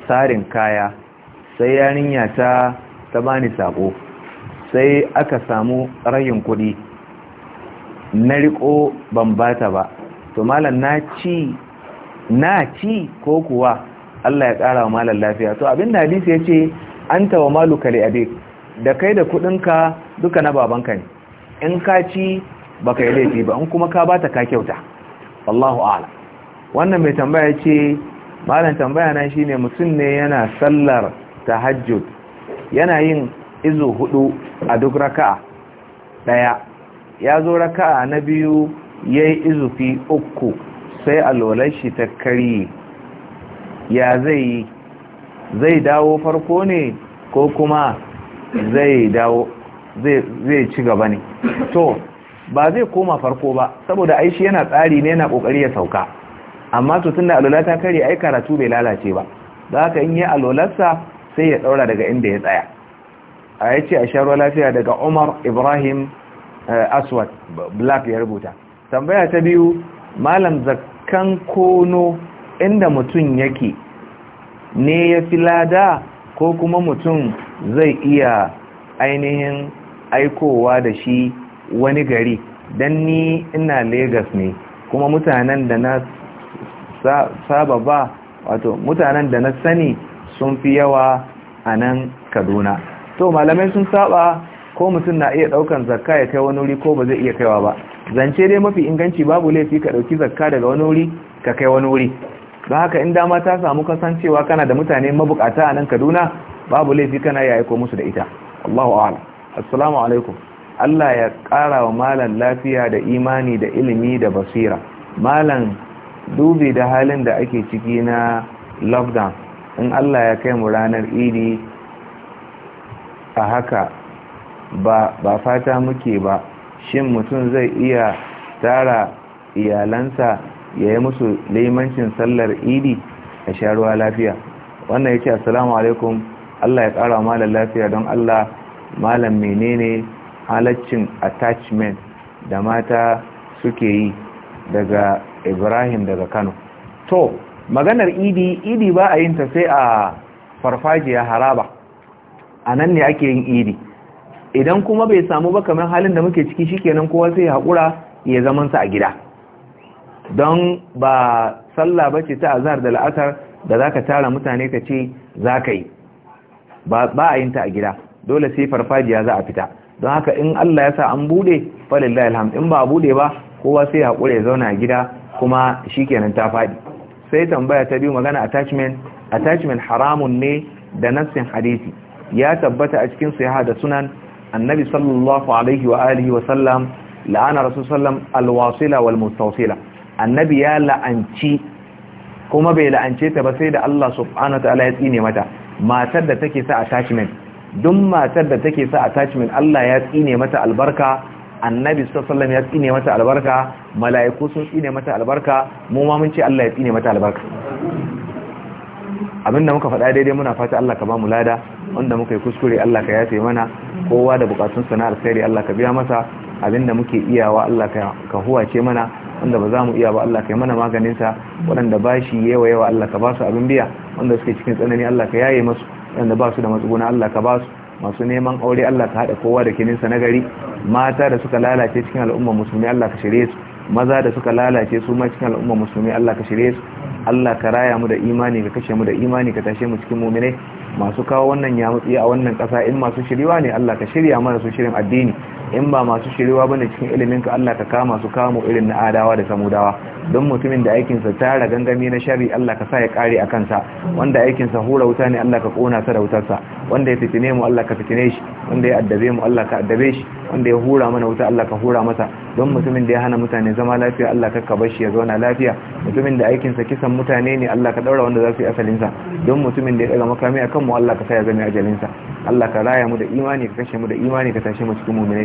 tsarin kaya sai yarinya ta ta bani sako sai aka samu rayin kuɗi na riko ban bata ba to malam na ci na ci ko kuwa Allah ya kara wa malam lafiya to abin da hadisi ya ce an wa maluka li abik da kai da kuɗinka duka na babanka ne in ka ci baka yi laifi ba in kuma ka bata ka kyauta wallahu a'lam wannan mai tambaya ce malam tambaya na shine mutum ne yana sallar tahajjud yana yin izu hudu a duk raka'a daya ya zo raka'a na biyu yayi izufi uku sai alwalar shi ta karye ya zai yi zai dawo farko ne ko kuma zai dawo zai ci gaba ne to ba zai koma farko ba saboda Aishi yana tsari ne yana kokari ya sauka amma to tunda alola ta kare ai karatu bai lalace ba Za ka in ya alolarsa sai ya daura daga inda ya tsaya a ce a sharuwa lafiya daga Umar Ibrahim eh, Aswad Black ya rubuta tambaya ta biyu malam Zakan kono inda mutum yake ne ya fi lada ko kuma mutum zai iya ainihin aikowa da shi wani gari don ni ina Legas ne kuma mutanen da na saba ba wato mutanen da na sani sun fi yawa a nan kaduna to malamai sun saba ko mutum na iya daukan zakka ya kai wani wuri ko ba zai iya kaiwa ba zance dai mafi inganci babu laifi ka dauki zakka daga wani wuri ka kai wani wuri don haka in dama ta samu kasancewa kana da mutane mabukata a nan kaduna babu laifi kana ya aiko musu da ita Allahu a'ala assalamu alaikum Allah ya ƙara wa malan lafiya da imani da ilimi da basira malan dubi da halin da ake ciki na lockdown in Allah ya kai mu ranar idi a haka ba, ba fata muke ba shin mutum zai iya tara iyalansa ya yi musu laimancin sallar idi a sharuwa lafiya wannan ya ce assalamu alaikum Allah ya ƙara wa malan lafiya don Allah malam menene halaccin attachment da mata suke yi daga ibrahim daga kano to maganar idi idi ba a yin ta sai a farfajiya haraba a nan ne ake yin idi idan kuma bai samu ba kamar halin da muke ciki shikenan kowa sai ya haƙura ya sa a gida don ba sallah ba ce ta azhar da la'asar da za ka tara mutane ka ce za ka yi ba a yin ta a gida dole sai farfajiya za a fita don haka in Allah ya sa an bude falillahi alhamd in ba a bude ba kowa sai ya kure zauna a gida kuma shi kenan ta fadi sai tambaya ta biyu magana attachment attachment haramun ne da nassin hadisi ya tabbata a cikin su ya da sunan annabi sallallahu alaihi wa alihi wa sallam la'ana rasul sallam alwasila wal mustawsila annabi ya la'anci kuma bai la'ance ta ba sai da Allah subhanahu wa ta'ala ya tsine mata matar da take sa attachment duk matar da take sa attachment Allah ya tsine mata albarka annabi sallallahu ya tsine mata albarka mala'iku sun tsine mata albarka mu ma mun ce Allah ya tsine mata albarka abinda muka faɗa daidai muna fata Allah ka ba mu lada wanda muka yi kuskure Allah ka yafe mana kowa da bukatun sana'ar alkhairi Allah ka biya masa abinda muke iyawa Allah ka huwace mana wanda ba za mu iya ba Allah ka yi mana maganinsa waɗanda ba shi yawa yawa Allah ka ba su abin biya wanda suke cikin tsanani Allah ka yaye masu yadda ba su da matsuguna Allah ka ba su masu neman aure Allah ka haɗa kowa da kininsa na gari mata da suka lalace cikin al'umma musulmi Allah ka shirye su maza da suka lalace su ma cikin al'umma musulmi Allah ka shirye su Allah ka raya mu da imani ka kashe mu da imani ka tashe mu cikin mu'minai masu kawo wannan yamutsi a wannan kasa in masu shiriwa ne Allah ka shirya mana su shirin addini in ba masu shirewa bane cikin ilimin ka Allah ka kama su kamo irin na adawa da samudawa don mutumin da aikin sa tara gangami na shari Allah ka sa ya kare a kansa wanda aikin sa hura wuta ne Allah ka kona sa da wutar sa wanda ya fitine mu Allah ka fitine shi wanda ya addabe mu Allah ka addabe shi wanda ya hura mana wuta Allah ka hura masa don mutumin da ya hana mutane zama lafiya Allah ka kaba shi ya zauna lafiya mutumin da aikin sa kisan mutane ne Allah ka daura wanda za su yi asalin sa don mutumin da ya daga makami akan mu Allah ka sa ya zama ajalin sa Allah ka raya mu da imani ka kashe mu da imani ka tashi mu cikin mu'minai